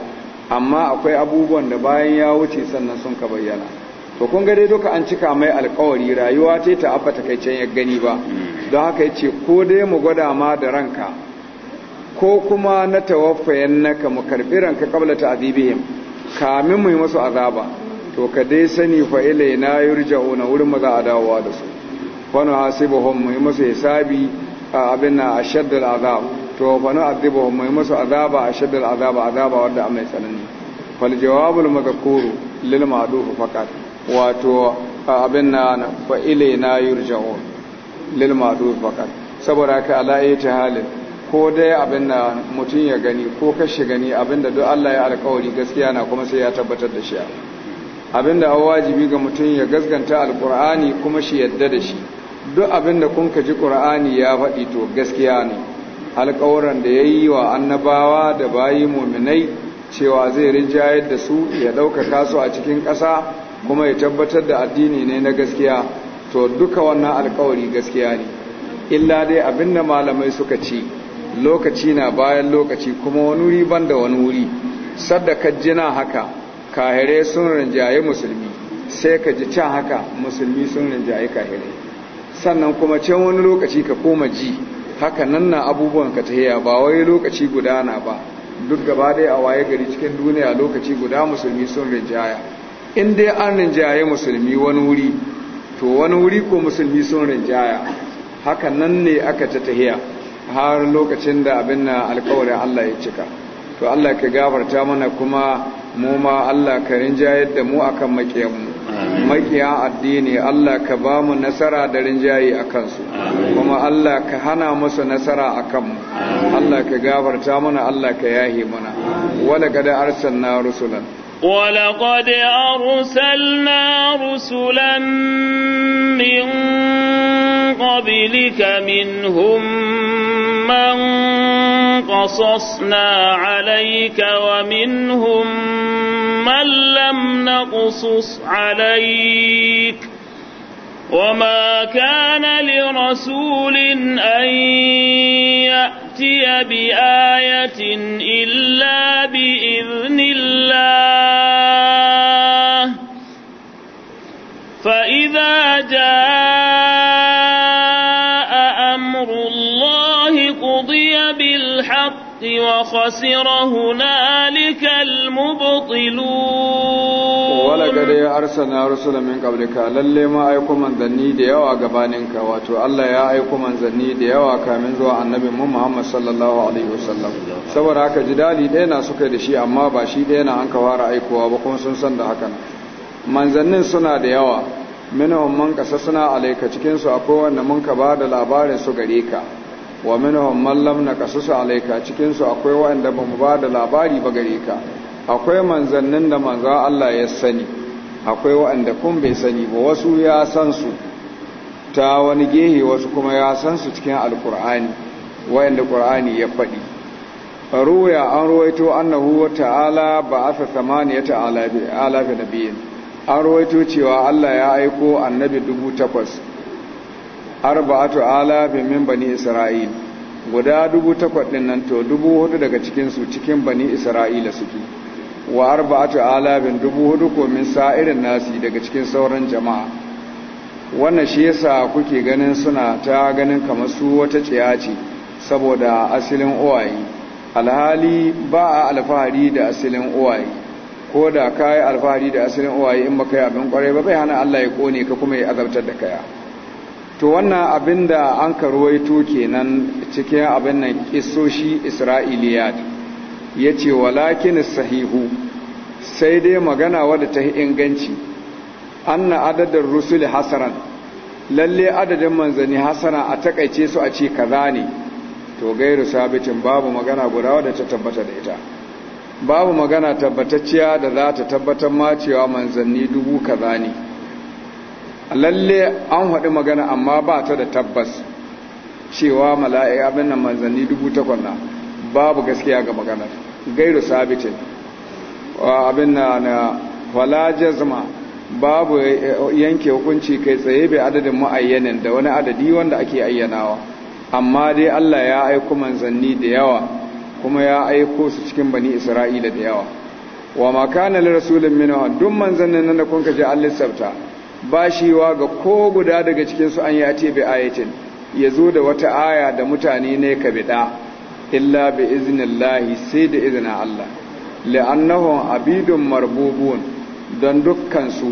amma akwai abubuwan da bayan ya wuce sannan sun ka bayyana to kun ga dai duka an cika mai alkawari rayuwa ce ta abba takaicen ya gani ba don haka yace ko dai mu gwada ma da ranka ko kuma na tawaffayan naka mu karɓi ranka ta azibihim kamin mu yi musu azaba to ka dai sani fa na yurja'una wurin maza a dawowa da su wani hasibuhun mu yi musu hisabi a abin na ashaddal azab to fa na azibuhun mu yi masu azaba ashaddal azaba azaba wadda a mai tsanani fal jawabul madhkuru lil ma'duf fakat wato abin na fa ilaina yurja'un lil ma'duf fakat saboda ka ala ta halin ko dai abin na mutum ya gani ko kashe gani abin da duk Allah ya alkawari gaskiya na kuma sai ya tabbatar da shi abin da wajibi ga mutum ya gaskanta alkur'ani kuma shi yadda da shi duk abin da kun ji ƙura'ani ya faɗi to gaskiya ne alƙawuran da ya yi wa annabawa da bayi muminai cewa zai rinjayar da su ya ɗaukaka su a cikin ƙasa kuma ya tabbatar da addini ne na gaskiya to duka wannan alƙawari gaskiya ne illa dai abin da malamai suka ci lokaci na bayan lokaci kuma wani wuri ban da wani wuri sadda jina haka kahire sun rinjaye musulmi sai ka ji can haka musulmi sun rinjaye kahire. sannan kuma can wani lokaci ka koma ji haka nan na abubuwan ka tahiya ba wai lokaci gudana ba duk gaba dai a waye gari cikin duniya lokaci guda musulmi sun rinjaya in dai an rinjaye musulmi wani wuri to wani wuri ko musulmi sun rinjaya haka nan ne aka ta tahiya har lokacin da abin na alkawarin Allah ya cika to Allah ka gafarta mana kuma mu ma Allah ka rinjayar da mu akan makiyanmu makiya addini Allah ka ba mu nasara da rinjaye a kansu kuma Allah ka hana musu nasara a kanmu Allah ka gafarta mana Allah ka yahi mana wala kada arsalna rusulan ولقد أرسلنا رسلا من قبلك منهم من قصصنا عليك ومنهم من لم نقصص عليك وما كان لرسول أن يأتي بآية إلا بإذن الله وخسر هنالك المبطلون ولقد أرسلنا رسلا من قبلك للي ما أيكم من ذني ديوا قبانك واتو الله يا أيكم من ذني ديوا كامن زوا النبي محمد صلى الله عليه وسلم سورا كجدالي دينا سكي دشي أما باشي دينا أنك وارا أيكوا وكم سنسن دهكنا من ذنين سنا ديوا منهم من قصصنا عليك cikinsu akwai wanda mun ka ba da labarin su gare ka wa minhum man lam naqasusu alayka cikin su akwai wanda ba mu ba da labari ba gare ka akwai manzannin da manzo Allah ya sani akwai wanda kun bai sani ba wasu ya san su ta wani gehe wasu kuma ya san su cikin alqur'ani wanda qur'ani ya faɗi ruwaya an ruwaito annahu ta'ala ba'atha thamaniyata bi alafi nabiyyin an ruwaito cewa Allah ya aiko annabi dubu takwas arba'atu alafi min bani isra'il guda dubu takwas din nan to dubu hudu daga cikin su cikin bani isra'ila suke wa arba'atu alafin dubu hudu ko min sa'irin nasi daga cikin sauran jama'a wannan shi yasa kuke ganin suna ta ganin kamar su wata tsiya ce saboda asalin uwaye alhali ba a alfahari da asalin uwaye ko da kai alfahari da asalin uwaye in baka yi abin kwarai ba bai hana Allah ya kone ka kuma ya azabtar da kaya to wannan abin da an karwaito kenan cikin abin nan kisoshi Isra'iliya ya ce walakin sahihu sai dai magana wadda ta inganci anna adadin rusuli hasaran lalle adadin manzani hasana a takaice su a ce kaza ne to gairu sabitin babu magana guda wadda ta tabbata da ita babu magana tabbatacciya da za ta tabbatar macewa manzanni dubu kaza ne lalle an haɗu magana amma ba ta da tabbas cewa mala'i abin nan manzanni dubu takwas na babu gaskiya ga maganar gairu sabitin abin na na wala jazma babu eh, eh, yanke hukunci kai tsaye bai adadin ma'ayyanin da wani adadi wanda ake ayyanawa amma dai Allah ya aiko manzanni da yawa kuma ya aiko su cikin bani isra'ila da yawa wa makanar rasulun minawa duk manzannin nan da kun je an lissafta bashiwa ga ko guda daga cikinsu an ya ce bi ayatin ya zo da wata aya da mutane ne ka biɗa illa bi iznillahi sai da izinin Allah la'annahum abidun marbubun don dukkansu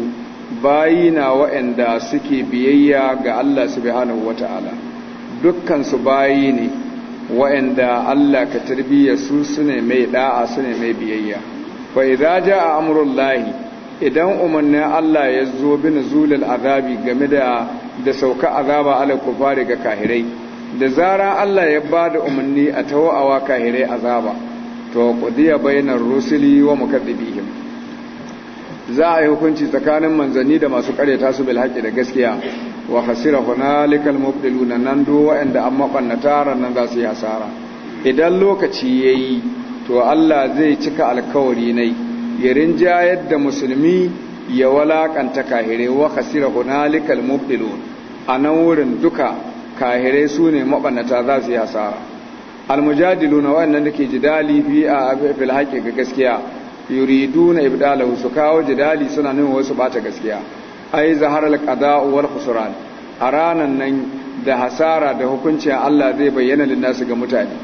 bayi na wa'anda suke biyayya ga Allah subhanahu wata'ala dukkansu bayi ne wa'anda Allah ka tarbiyya su ne mai da'a ne mai biyayya fa idza jaa Lahi. idan umarnin Allah ya zo bi nuzulil azabi game da da sauka azaba ala kufari ga kahirai da zara Allah ya ba da umarni a wa kahirai azaba to qudiya bainar rusuli wa mukadzibihim za a yi hukunci tsakanin manzanni da masu karya tasu bil haqqi da gaskiya wa khasira hunalikal mubdiluna nan do wa'anda amma kannata nan za su yi asara idan lokaci yayi to Allah zai cika alkawari nai ya rinjayar da musulmi ya walakanta kahire wa kasira hunalikal mubilu a nan wurin duka kahire su ne mabannata za su yi hasara almujadilu na waɗannan da ke jidali fi a fil haƙi ga gaskiya yuridu na ibdalahu su kawo jidali suna nuna wasu bata gaskiya ai zahar alqada'u wal khusran a ranan nan da hasara da hukuncin Allah zai bayyana linnasu ga mutane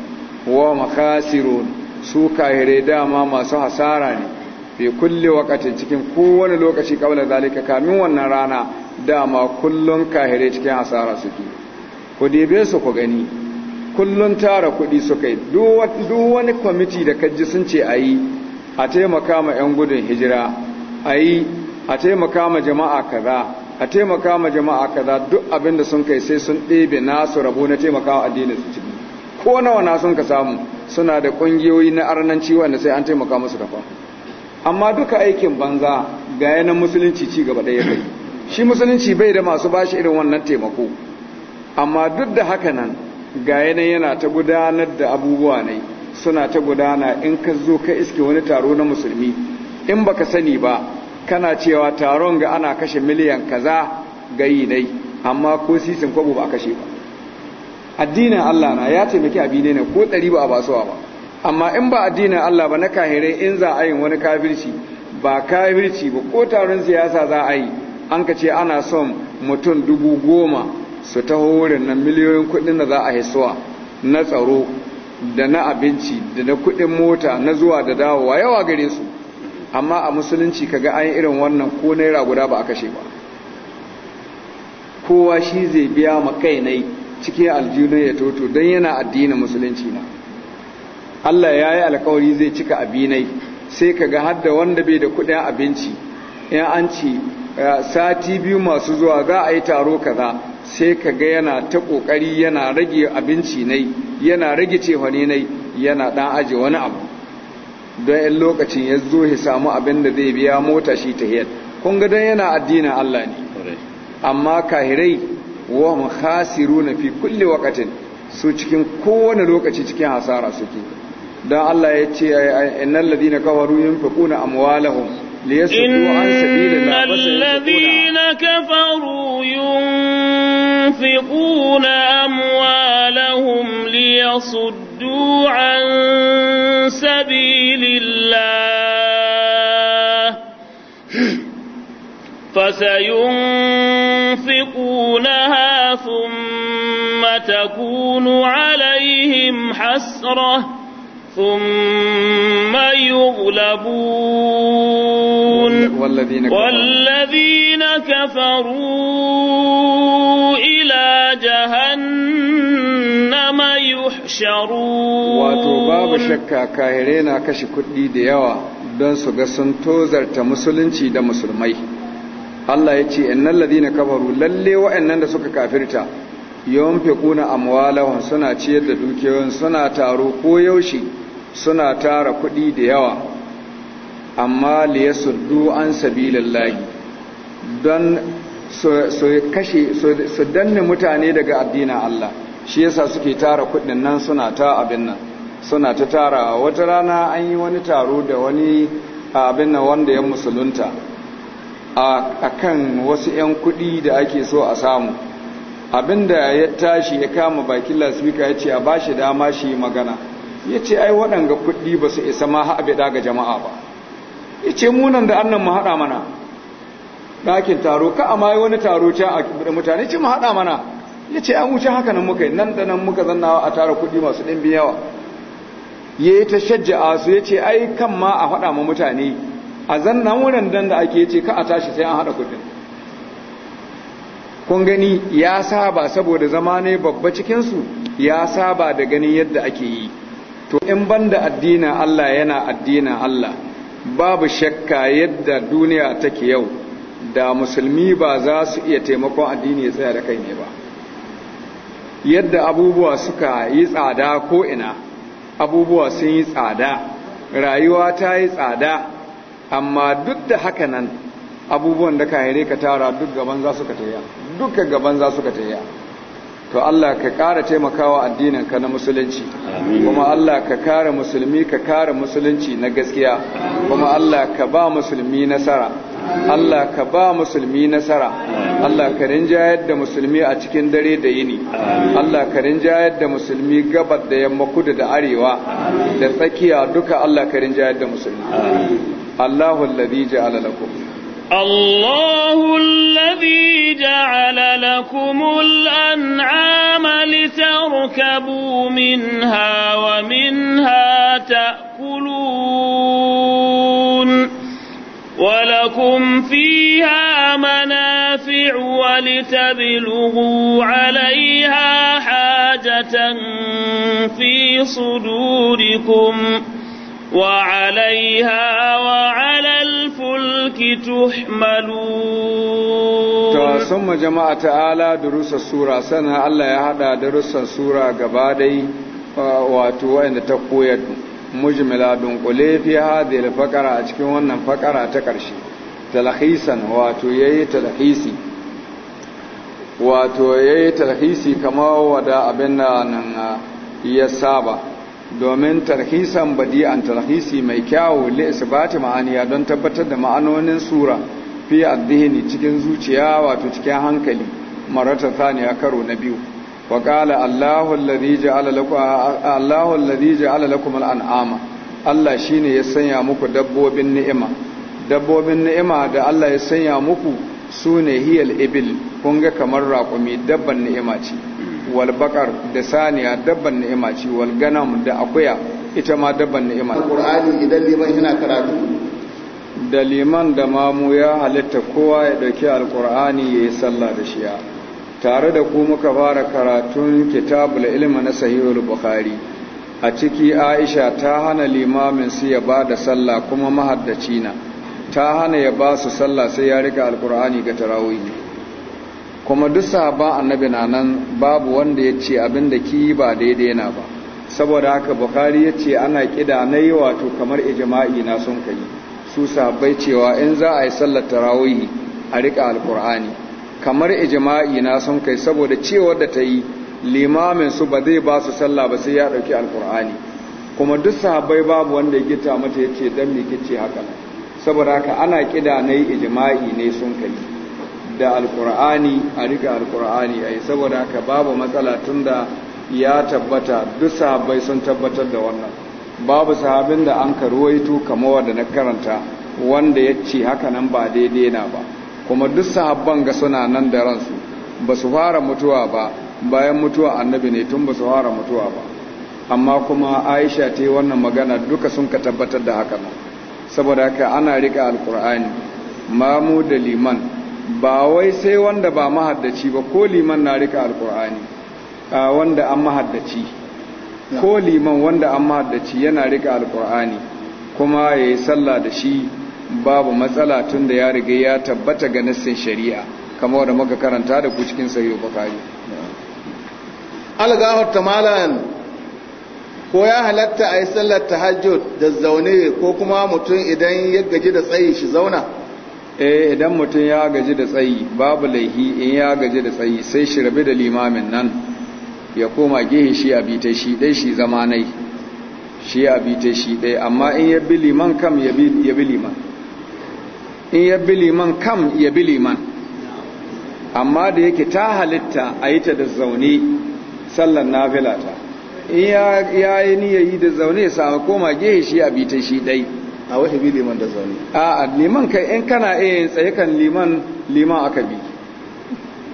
wa makasirun su kahire dama masu hasara ne fi kulli waqatin cikin kowane lokaci da zalika kamin wannan rana dama kullun kahire cikin hasara suke ku debe su ku gani kullun tara kuɗi su kai duk wani kwamiti da kaji sun ce a yi a taimaka ma 'yan gudun hijira a yi a taimaka ma jama'a kaza a taimaka ma jama'a kaza duk abin da sun kai sai sun ɗebe nasu rabo na taimakawa addinin su ciki ko nawa na sun ka samu suna da ƙungiyoyi na arnanci wanda sai an taimaka musu dafa. amma duka aikin banza ga yanan musulunci ci gaba ɗaya kai shi musulunci bai da masu bashi irin wannan taimako amma duk da haka nan ga yanar yana ta gudanar da abubuwa ne suna ta gudana in ka zo ka iske wani taro na musulmi in baka sani ba kana cewa taron ga ana kashe miliyan kaza yi ne amma ko sisin kwabo ba a kashe ba addinin Allah na ya taimaki abi ne ko ɗari ba a basuwa ba amma in ba addinin Allah ba na kahirai in za a yi wani kafirci ba kafirci ba ko taron siyasa za a yi an ka ce ana son mutum dubu goma su ta horin na miliyoyin kudin da za a haisuwa na tsaro da na abinci da na kudin mota na zuwa da dawowa yawa gare su amma a musulunci ka ga an irin wannan ko naira guda ba a kashe ba kowa shi zai biya ma makai nai cikin aljihunan ya toto don yana addinin musulunci na Allah ya yi alkawari zai cika abinai sai ka ga hadda wanda bai da kudin abinci in an ci eh, sati biyu masu zuwa za a yi taro kaza sai ka ga yana ta kokari yana rage abinci nai yana rage cefane nai yana dan aje wani abu don in lokacin ya zo ya samu abin da zai biya mota shi ta hiyar kun ga don yana addinin Allah ne amma kahirai wa na fi kulle waqtin su cikin kowane lokaci cikin hasara suke dan Allah ya ce innal ladina kafaru yunfiquna amwalahum liyasuddu an sabilillah kafaru yunfiquna amwalahum liyasuddu an sabilillah فسينفقونها ثم تكون عليهم حسره ثم يغلبون والذين, والذين كفروا إلى جهنم يحشرون wato babu shakka kahire na kashe kuɗi da yawa don su ga sun tozarta musulunci da musulmai Allah ya ce innal ladina kafaru lalle wa'annan da suka kafirta yawan a amwalahum suna ciyar da dukiyoyin suna taro ko yaushe suna tara kuɗi da yawa amma liyasuddu an sabilillahi don su kashe su danne mutane daga addinin Allah shi yasa suke tara kuɗin nan suna ta abin nan suna ta tara wata rana an yi wani taro da wani abin nan wanda ya musulunta a kan wasu 'yan kuɗi da ake so a samu abinda ya tashi ya kama bakin lasbika ya ce a ba shi dama shi magana ya ce ai waɗanga kuɗi ba su isa ma haɓe ga jama'a ba ya ce munan da annan mu haɗa mana ɗakin taro ka amma yi wani taro can a mutane ce mu haɗa mana ya ce an wuce haka nan muka yi nan da nan muka zannawa a tara kuɗi masu ɗimbin yawa ya yi ta shajja'a su ya ce ai kan ma a haɗa ma mutane a zanna wurin dan da ake ce ka a tashi sai an haɗa kuɗin kun gani ya saba saboda zama ne babba cikinsu ya saba da ganin yadda ake yi to in banda addinin Allah yana addinin Allah babu shakka yadda duniya take yau da musulmi ba za su iya taimakon addini ya tsaya da kai ne ba yadda abubuwa suka yi tsada ko ina abubuwa sun yi tsada rayuwa ta yi tsada amma duk da haka nan abubuwan da ka haire ka tara duk gaban za su ka taya duka gaban za su ka taya to Allah ka ƙara taimakawa addinin ka na musulunci kuma Allah ka kara musulmi ka kara musulunci na gaskiya kuma Allah ka ba musulmi nasara Allah ka ba musulmi nasara Allah ka rinjayar da musulmi a cikin dare da yini Allah ka rinjayar da musulmi gabar da yamma kudu da arewa da tsakiya duka Allah ka rinjayar da musulmi Allahu alladhi ja'ala lakum الله الذي جعل لكم الأنعام لتركبوا منها ومنها تأكلون ولكم فيها منافع ولتبلغوا عليها حاجة في صدوركم وعليها وعلى الفلك تحملون تو ثم جماعة تعالى دروس السورة سنة الله يهدى دروس السورة قبادي واتوين تقوية مجملة دنقلي في هذه الفقرة أتكون فقرة تكرشي talhisan wato yayi talhisi wato yayi talhisi kama wada abin nan ya saba domin tarhisan badi'an tarhisi mai kyawu li isbati ma'aniya don tabbatar da ma'anonin sura fi addini cikin zuciya wato cikin hankali marata thaniya karo na biyu wa qala Allahu alladhi ja'ala lakum Allahu alladhi ja'ala lakum al-an'ama Allah shine ya sanya muku dabbobin ni'ima dabbobin ni'ima da Allah ya sanya muku sune hiyal ibil kun ga kamar raƙumi dabban ni'ima ce wal da saniya dabban ni'ima ce wal da akuya ita ma dabban ni'ima alqur'ani idan liman yana karatu da liman da mamu ya halitta kowa ya dauki alqur'ani yi sallah da shi tare da ku muka fara karatun kitabul ilmi na sahihul bukhari a ciki aisha ta hana limamin su ya ba da sallah kuma mahaddaci na ta hana ya ba su sallah sai ya rika alqur'ani ga tarawoyi. kuma duk sahabban annabi na nan babu wanda ya ce abin da ki ba daidai na ba saboda haka bukari ya ce ana kida na yi wato kamar ijima'i na sun kai su sahabbai cewa in za a yi sallar tarawihi a riƙa alkur'ani kamar ijima'i na sun kai saboda cewar da ta yi limamin su ba zai ba su sallah ba sai ya ɗauki alkur'ani kuma duk sahabbai babu wanda ya gita mata ya ce Dan me kice haka saboda haka ana kida na yi ijima'i ne sun kai da alkur'ani a rika alkur'ani a yi saboda haka babu matsala tun da ya tabbata duk sahabbai sun tabbatar da wannan babu sahabin da an karuwaito kama wadda na karanta wanda ya ce haka nan ba daidai na ba kuma duk sahabban ga suna nan da ransu ba su fara mutuwa ba bayan mutuwa annabi ne tun ba su fara mutuwa ba amma kuma aisha ta yi wannan magana duka sun ka tabbatar da haka nan saboda haka ana rika alkur'ani mamu da liman ba wai sai wanda ba mahaddaci ba ko liman na rika alkur'ani wanda an mahaddaci ko liman wanda an mahaddaci yana rika alkur'ani kuma ya yi sallah da shi babu matsala tun da ya riga ya tabbata ga nassin shari'a kamar da muka karanta da ku cikin sahihu bukari algahar tamalan ko ya halatta a yi sallar tahajjud da zaune ko kuma mutum idan ya gaji da tsayi shi zauna eh idan mutum ya gaji da tsayi babu laihi in ya gaji da tsayi sai shi rabe da limamin nan ya koma gehe shi a bita shi dai shi zamanai shi a bita shi dai amma in ya bi liman kam ya bi liman in ya bi liman kam ya bi liman amma da yake ta halitta a yi ta da zaune sallan nafilata ta in ya yi niyayi da zaune sa koma gehe shi a bita shi dai a wata bi liman da zaune a liman kai in kana iya tsaye kan liman liman aka bi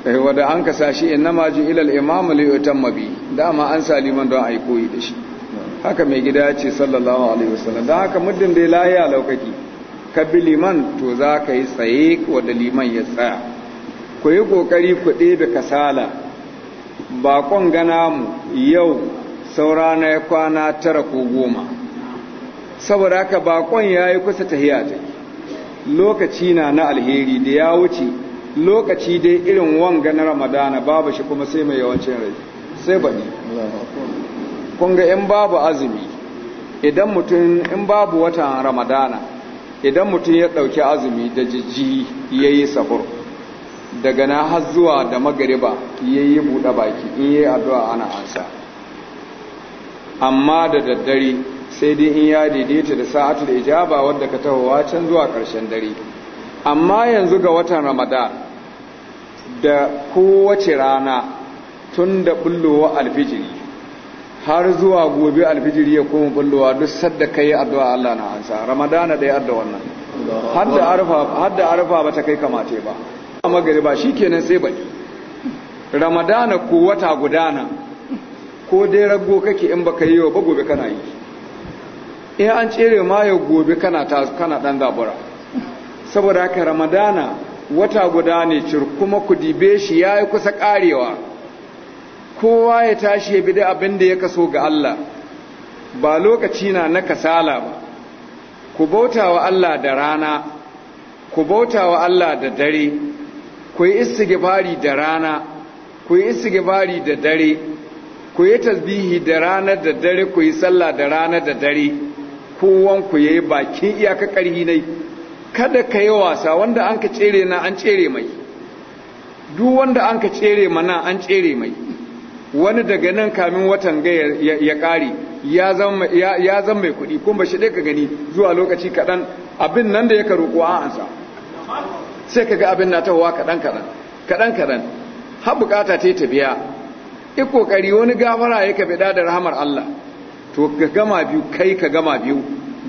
eh, wadda an kasa shi in nama ji ilal imam ta mabi dama an sa liman don a yi koyi da shi haka mai gida ce sallallahu alaihi wasallam don haka muddin dai laye a laukaki ka bi liman to za ka yi tsaye wadda liman ya tsaya ku yi kokari ku ɗebe kasala bakon gana mu yau saura na kwana tara ko goma saboda haka bakon ya yi kusa tahiya ta lokaci na na alheri da ya wuce lokaci dai irin wanga na ramadana babu shi kuma sai mai yawancin rai sai baɗi kunga in babu azumi idan mutum in babu watan ramadana idan mutum ya ɗauki azumi da jijji ya yi sahur daga na har zuwa da magariba ya yi buɗe baki in yi addu'a ana ansa amma da daddare sai dai in ya daidaita da sa'atul ijaba wanda ka tahowa can zuwa ƙarshen dare amma yanzu ga watan ramadan da kowace rana tun da bullowa alfijiri har zuwa gobe alfijiri ya koma bullowa duk sadda ka yi addu'a Allah na ansa ramadana ɗaya adda wannan har da arfa ba ta kai kamate ba a ba shi kenan sai ba ramadana ko wata gudana ko dai rago kake in baka yi wa ba gobe kana yi in an cire ya gobe kana kana dan zabura saboda haka ramadana wata guda ne cir kuma ku dibe shi yayi kusa karewa kowa ya tashi ya bi abin da ya kaso ga Allah ba lokaci na na kasala ba ku bautawa Allah da rana ku bautawa Allah da dare ku yi istighfari da rana ku yi istighfari da dare ku yi tasbihi da rana da dare ku yi sallah da rana da dare Kowanku ya yi bakin iyaka karhi ne kada ka yi wasa wanda an ka tsere na an tsere mai duk wanda an ka tsere mana an tsere mai wani daga nan kamin watan ga ya kare ya zama mai kuɗi kuma ba shi ɗaya ka gani zuwa lokaci kaɗan abin nan da ya ka roƙo a ansa sai ka ga abin na tahowa kaɗan kaɗan kaɗan kaɗan har bukata ta yi ta biya wani gafara ya ka biɗa da rahamar Allah to ka gama biyu kai ka gama biyu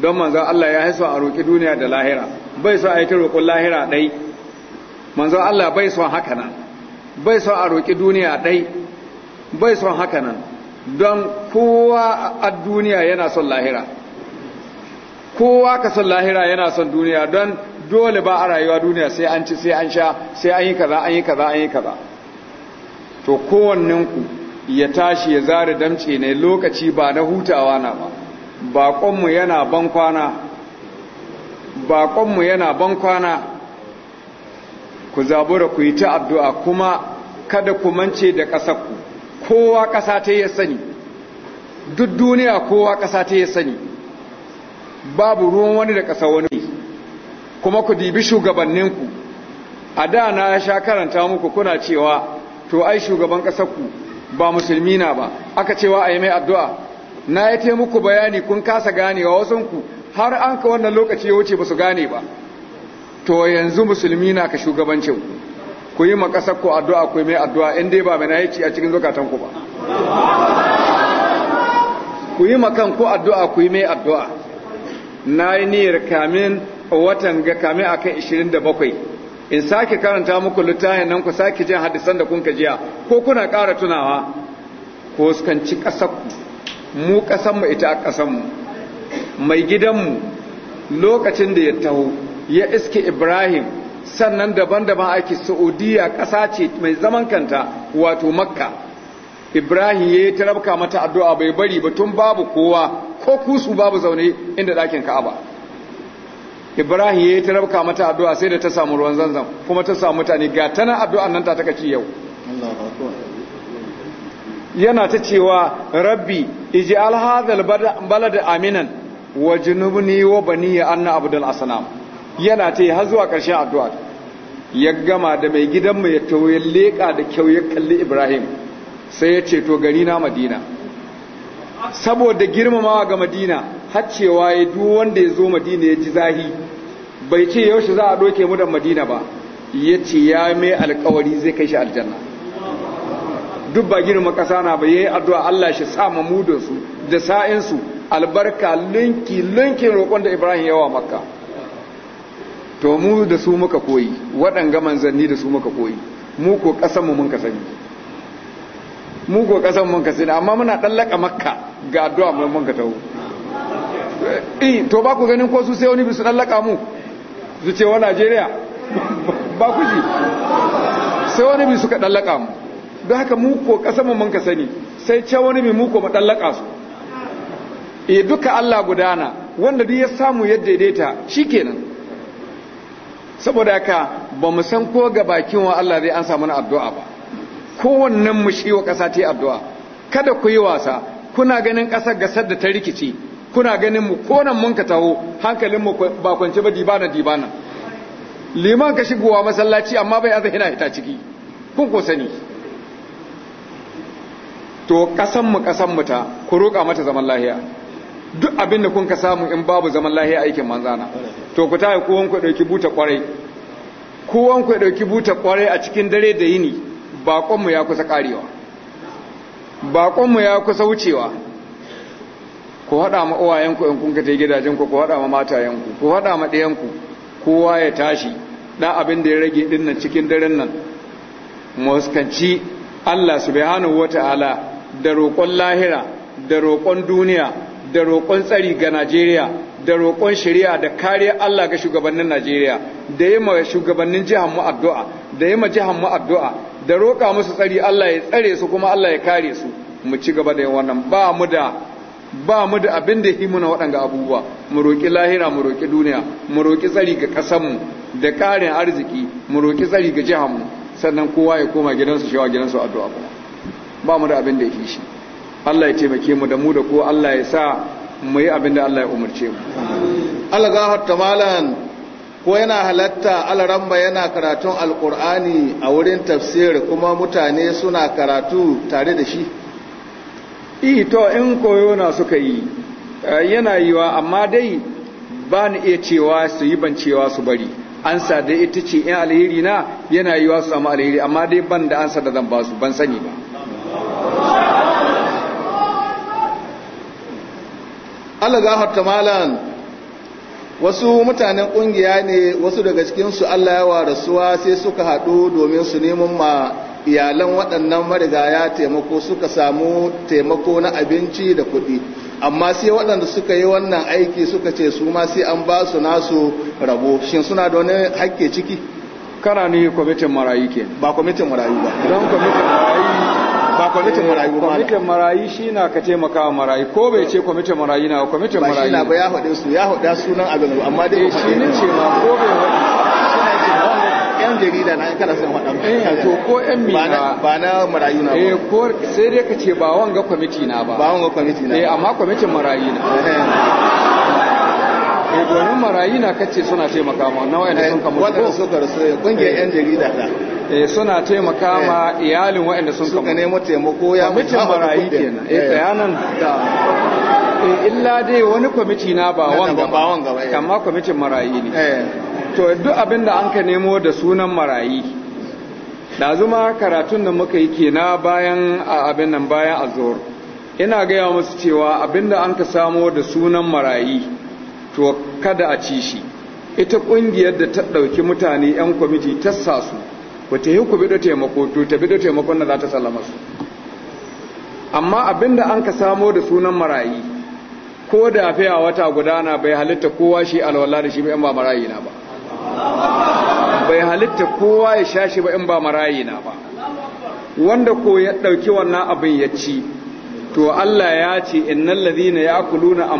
don manzo Allah ya haisa a roƙi duniya da lahira bai so a yi ta roƙon lahira ɗai Manzo Allah bai son haka nan bai so a roƙi duniya ɗai bai son haka nan don kowa a duniya yana son lahira kowa ka son lahira yana son duniya don dole ba a rayuwa duniya sai an ci sai an sha sai an yi kaza an yi kaza an yi kaza to kowanninku ya tashi ya zari damce ne lokaci ba na hutawa na ba baƙonmu yana ban kwana baƙonmu yana ban kwana ku zabura ku yi ta addu'a kuma kada ku mance da ƙasarku kowa ƙasa ta yi sani duk duniya kowa ƙasa ta yi sani babu ruwan wani da ƙasa wani kuma ku dibi shugabanninku a da na sha karanta muku kuna cewa to ai shugaban ƙasarku ba musulmi na ba aka cewa a yi mai addu'a na ya te muku bayani kun kasa gane ganewa wasanku har an ka wannan lokaci ya wuce ba su gane ba to yanzu musulmi na ka shugabancin ku yi ƙasar ku addu'a ku yi mai addu'a in dai ba mai na yaci a cikin zukatan ba ku yi makan ku addu'a ku yi mai addu'a na yi niyyar kamin watan ga kamin akan 27 in sake karanta muku littafin nan ku sake jin hadisan da kun jiya ko kuna ƙara tunawa ko fuskanci ƙasarku mu ƙasar mu ita a mu mai gidanmu lokacin da ya taho ya iske Ibrahim sannan daban-daban ake Saudiya ƙasa ce mai zaman kanta wato Makka Ibrahim ya yi tarabka mata addu'a bai bari ba tun babu kowa ko kusu babu zaune inda ɗakin Ka'aba. ibrahim ya yi ta rabka mata addu'a sai da ta samu ruwan zanzan kuma ta samu mutane ga tana addu'an nan ta taka ci yau yana ta cewa rabbi iji alhazal balada aminan wa junubni wa bani ya anna abdul asnam yana ta yi har zuwa ƙarshen addu'a ya gama da mai gidan mu ya tawo ya da kyau ya kalli ibrahim sai ya ce to gari na madina saboda girmamawa ga madina har cewa ya duk wanda ya zo madina ya ji zahi bai ce yaushe za a doke mu da madina ba ya ce ya mai alkawari zai kai shi aljanna duk ba girma ƙasa na ba ya yi addu'a Allah shi sa mamudin su da sa'in albarka linki linkin roƙon da Ibrahim yawa makka to mu da su muka koyi waɗanga manzanni da su muka koyi mu ko ƙasanmu mun ka sani mu ko kasan mun kasina amma muna dallaka makka ga addu'a mai mun ka tawo eh, eh to ba ku ganin ko su sai wani bisu dallaka mu su ce wa Najeriya ba ku ji sai wani bisu ka dallaka mu don haka mu ko kasan mun ka sani sai ce wani bi mu ko mu dallaka su eh duka Allah gudana wanda duk ya samu ya daidaita shikenan saboda haka ba mu san ko ga bakin wa Allah zai an samu na addu'a ba kowannen mu shi wa ƙasa ta addu'a kada ku yi wasa kuna ganin ƙasar gasar da ta rikici kuna ganin mu konan mun ka taho hankalin mu ba kwance ba dibana dibana liman ka shigowa masallaci amma bai aza na hita ciki kun ko sani to ƙasan mu ƙasan mu ta ku roƙa mata zaman lahiya duk abin da kun ka samu in babu zaman lahiya aikin manzana to ku ta yi kowanku ya ɗauki buta kwarai buta kwarai a cikin dare da yini baƙonmu ya kusa ƙarewa baƙonmu ya kusa wucewa ku haɗa ma uwayenku in kun gidajenku ku haɗa ma matayenku ku haɗa ma ɗayanku kowa ya tashi ɗan abin da ya rage ɗinnan cikin daren nan muskanci Allah subhanahu wa ta'ala da roƙon lahira da roƙon duniya da roƙon tsari ga Najeriya da roƙon shari'a da kariya Allah ga shugabannin Najeriya da yi shugabannin jihar mu addu'a da yi ma jihar mu addu'a da roƙa musu tsari Allah ya tsare su kuma Allah ya kare su mu ci gaba da yin wannan ba mu da ba mu da abin da yi muna waɗanga abubuwa mu roƙi lahira mu roƙi duniya mu roƙi tsari ga ƙasanmu da ƙarin arziki mu roƙi tsari ga jihanmu sannan kowa ya koma gidansu shawa gidansu addu'a ba mu da abin da yi shi Allah ya taimake mu da mu da ko Allah ya sa mu yi abin da Allah ya umarce mu Allah ga hatta malan ko yana halatta alaramba yana karatun alkur'ani a wurin tafsir kuma mutane suna karatu tare da shi ito in koyo na suka yi eh, yana yiwa amma dai ba ni iya cewa su yi bancewa su bari ansa da ita ce in alheri na yana yiwa su samu alheri amma dai ban da ansa da zan ba su ban sani ba Allah ga hatta malan wasu mutanen ƙungiya ne wasu daga cikinsu Allah ya wa rasuwa sai suka haɗu domin su neman ma iyalan waɗannan marigaya taimako suka samu taimako na abinci da kuɗi amma sai waɗanda suka yi wannan aiki suka ce su ma sai an ba su nasu rabo shin suna da wani hakke ciki kana ne kwamitin marayu ke ba kwamitin marayu ba don kwamitin marayu ba kwamitin marayu ba kwamitin marayu shi na ka taimaka wa marayu ko bai ce kwamitin marayu na kwamitin marayu ba shi na ba ya haɗe su ya haɗe sunan abin amma dai eh, shi ne ce ma ko bai haɗe yan jarida na kada sun faɗa eh to ko yan na ba na marayu na eh ko sai dai ka ce ba wanga kwamiti na ba ba wanga kwamiti na eh amma kwamitin marayu na eh, eh. eh domin marayu na kace suna taimaka ma na wayan sun kamar ko wanda suka rasu kungiyar yan jarida da Eh, suna taimaka eh. ma iyalin waɗanda sun kama suka nemo taimako ya mutum barayi kenan eh, eh. tsayanan illa dai wani kwamiti na ba wanga ba kama kwamitin marayi ne to duk abin da an ka nemo da sunan marayi da zuma karatun da muka yi kena bayan abin nan bayan azor ina gaya musu cewa abin da an ka samo da sunan marayi to kada a ci shi ita kungiyar da ta ɗauki mutane 'yan kwamiti ta sasu ku ta yi ku bi taimako to ta bi da taimakon da za ta sallama su amma abinda an ka samo da sunan marayi ko da fiya wata gudana bai halitta kowa shi alwala da shi ba in ba marayi na ba bai halitta kowa ya sha shi ba in ba marayi na ba wanda ko ya ɗauki wannan abin ya ci to Allah ya ce innal ladhina ya'kuluna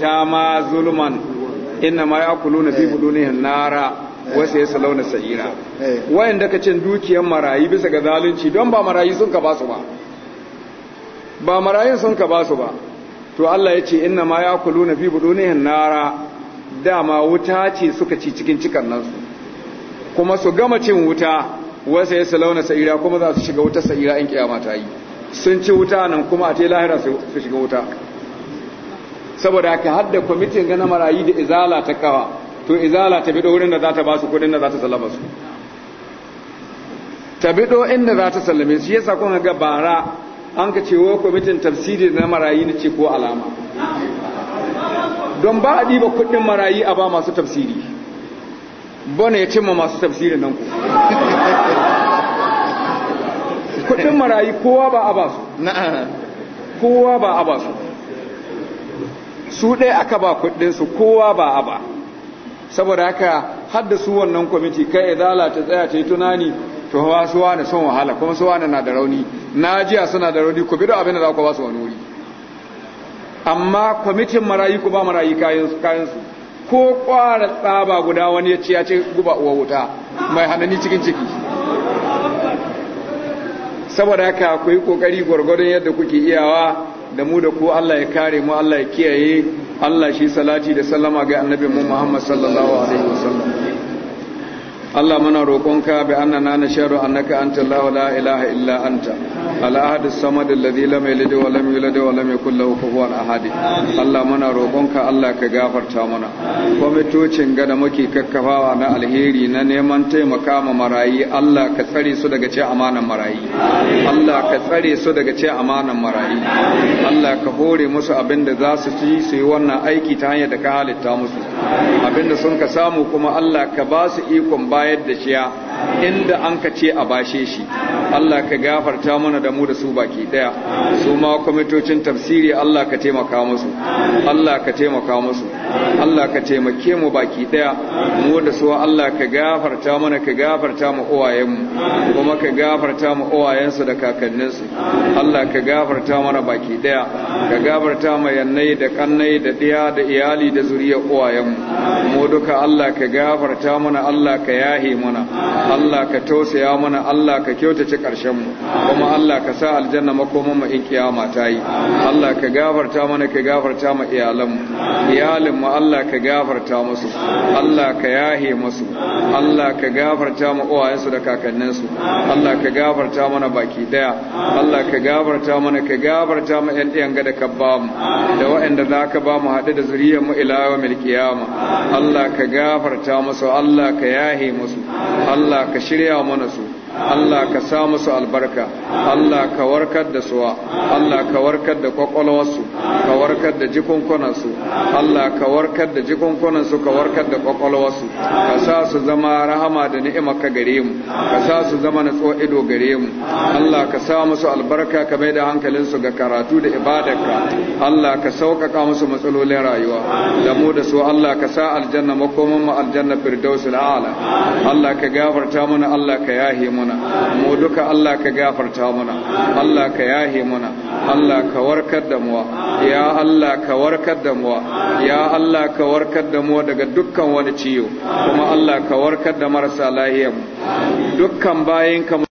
ta ma zulman inna ma ya'kuluna fi nara wasu ya salauna sa'ira eh. wayanda ka cin dukiyar marayi bisa ga zalunci don ba marayi sun ka ba su ba ba marayin sun ka ba su ba to Allah ya ce ina ma ya kulu na fi budunihin nara dama wuta ce suka ci cikin cikan nansu kuma su gama cin wuta wasu ya salauna sa'ira kuma za su shiga wuta sa'ira in kiyama ta yi sun ci wuta nan kuma a te lahira su shiga wuta saboda ka hadda kwamitin gana marayi da izala ta kawa to izala ta bi wurin da za ta ba su kudin da za ta sallama su ta bido inda za ta sallame su yasa kun ga bara an ka cewa kwamitin tafsiri na marayi na ce ko alama don ba a ɗiba kudin marayi a ba masu tafsiri bane ya cimma masu tafsiri nan ku kudin marayi kowa ba a ba su kowa ba a ba su su ɗaya aka ba su kowa ba a ba saboda haka haddasu wannan kwamiti kai idala ta tsaya ta yi tunani to hawa suwa wani son wahala kuma suwa na da rauni na jiya suna da rauni ku bido abin da za ku ba su wani wuri amma kwamitin marayu ku ba marayu kayan su ko kwara tsaba guda wani ya ce ya ce guba uwa wuta mai hanani cikin ciki saboda haka ku yi kokari gwargwadon yadda kuke iyawa da mu da ku Allah ya kare mu Allah ya kiyaye Allah shi salati da sallama ga annabi mu Muhammad sallallahu alaihi wasallam Allah muna roƙonka bi annana nashhadu annaka anta Allah la ilaha illa anta al-ahad as-samad alladhi lam yalid wa lam yulad wa lam yakul lahu kufuwan ahad Allah muna roƙonka Allah ka gafarta mana kwamitocin gada muke kakkafawa na alheri na neman taimaka ma marayi Allah ka tsare su daga ce amanan marayi Allah ka tsare su daga ce amanan marayi Allah ka hore musu abin da za su ci su yi wannan aiki ta hanyar da ka halitta musu abin da sun ka samu kuma Allah ka ba su ikon ba bayar da shiya inda an ka ce a bashe shi Allah ka gafarta mana da mu da su baki daya su ma kwamitocin tafsiri Allah ka taimaka musu Allah ka taimaka musu Allah ka taimake mu baki daya mu da su Allah ka gafarta mana ka gafarta mu uwayenmu kuma ka gafarta mu uwayensu da kakanninsu Allah ka gafarta mana baki daya ka gafarta mu yannai da kannai da diya da iyali da zuriyar uwayenmu mu duka Allah ka gafarta mana Allah ka yahe mana Allah ka tausaya mana Allah ka kyautace ƙarshen mu kuma Allah ka sa aljanna makoman mu in kiyama ta yi Allah ka gafarta mana ka gafarta ma iyalanmu iyalinmu iyalin mu Allah ka gafarta musu Allah ka yahe musu Allah ka gafarta ma uwayensu da kakanninsu Allah ka gafarta mana baki daya Allah ka gafarta mana ka gafarta ma ƴan ɗiyan ga da ka ba mu da waɗanda za ka ba mu haɗu da zuriyar mu ila yawmil Allah ka gafarta musu Allah ka yahe musu Allah ka shirya mana su Allah ka sa musu albarka Allah ka warkar da suwa Allah ka warkar da kwakwalwarsu ka warkar da jikunkunansu Allah ka warkar da jikunkunansu ka warkar da kwakwalwarsu ka sa su zama rahama da ni'ima ka gare mu ka sa su zama natsuwa ido gare mu Allah ka sa musu albarka ka mai da hankalinsu ga karatu da ibadarka Allah ka sauƙaƙa musu matsalolin rayuwa da mu da su Allah ka sa aljanna makomin mu aljanna firdausul a'la Allah ka gafarta mana Allah ka yahe mu muna mu duka Allah ka gafarta muna Allah ka yahe muna Allah ka warkar da mu ya Allah ka warkar da mu ya Allah ka warkar da mu daga dukkan wani ciwo kuma Allah ka warkar da marasa lahiyar mu dukkan bayinka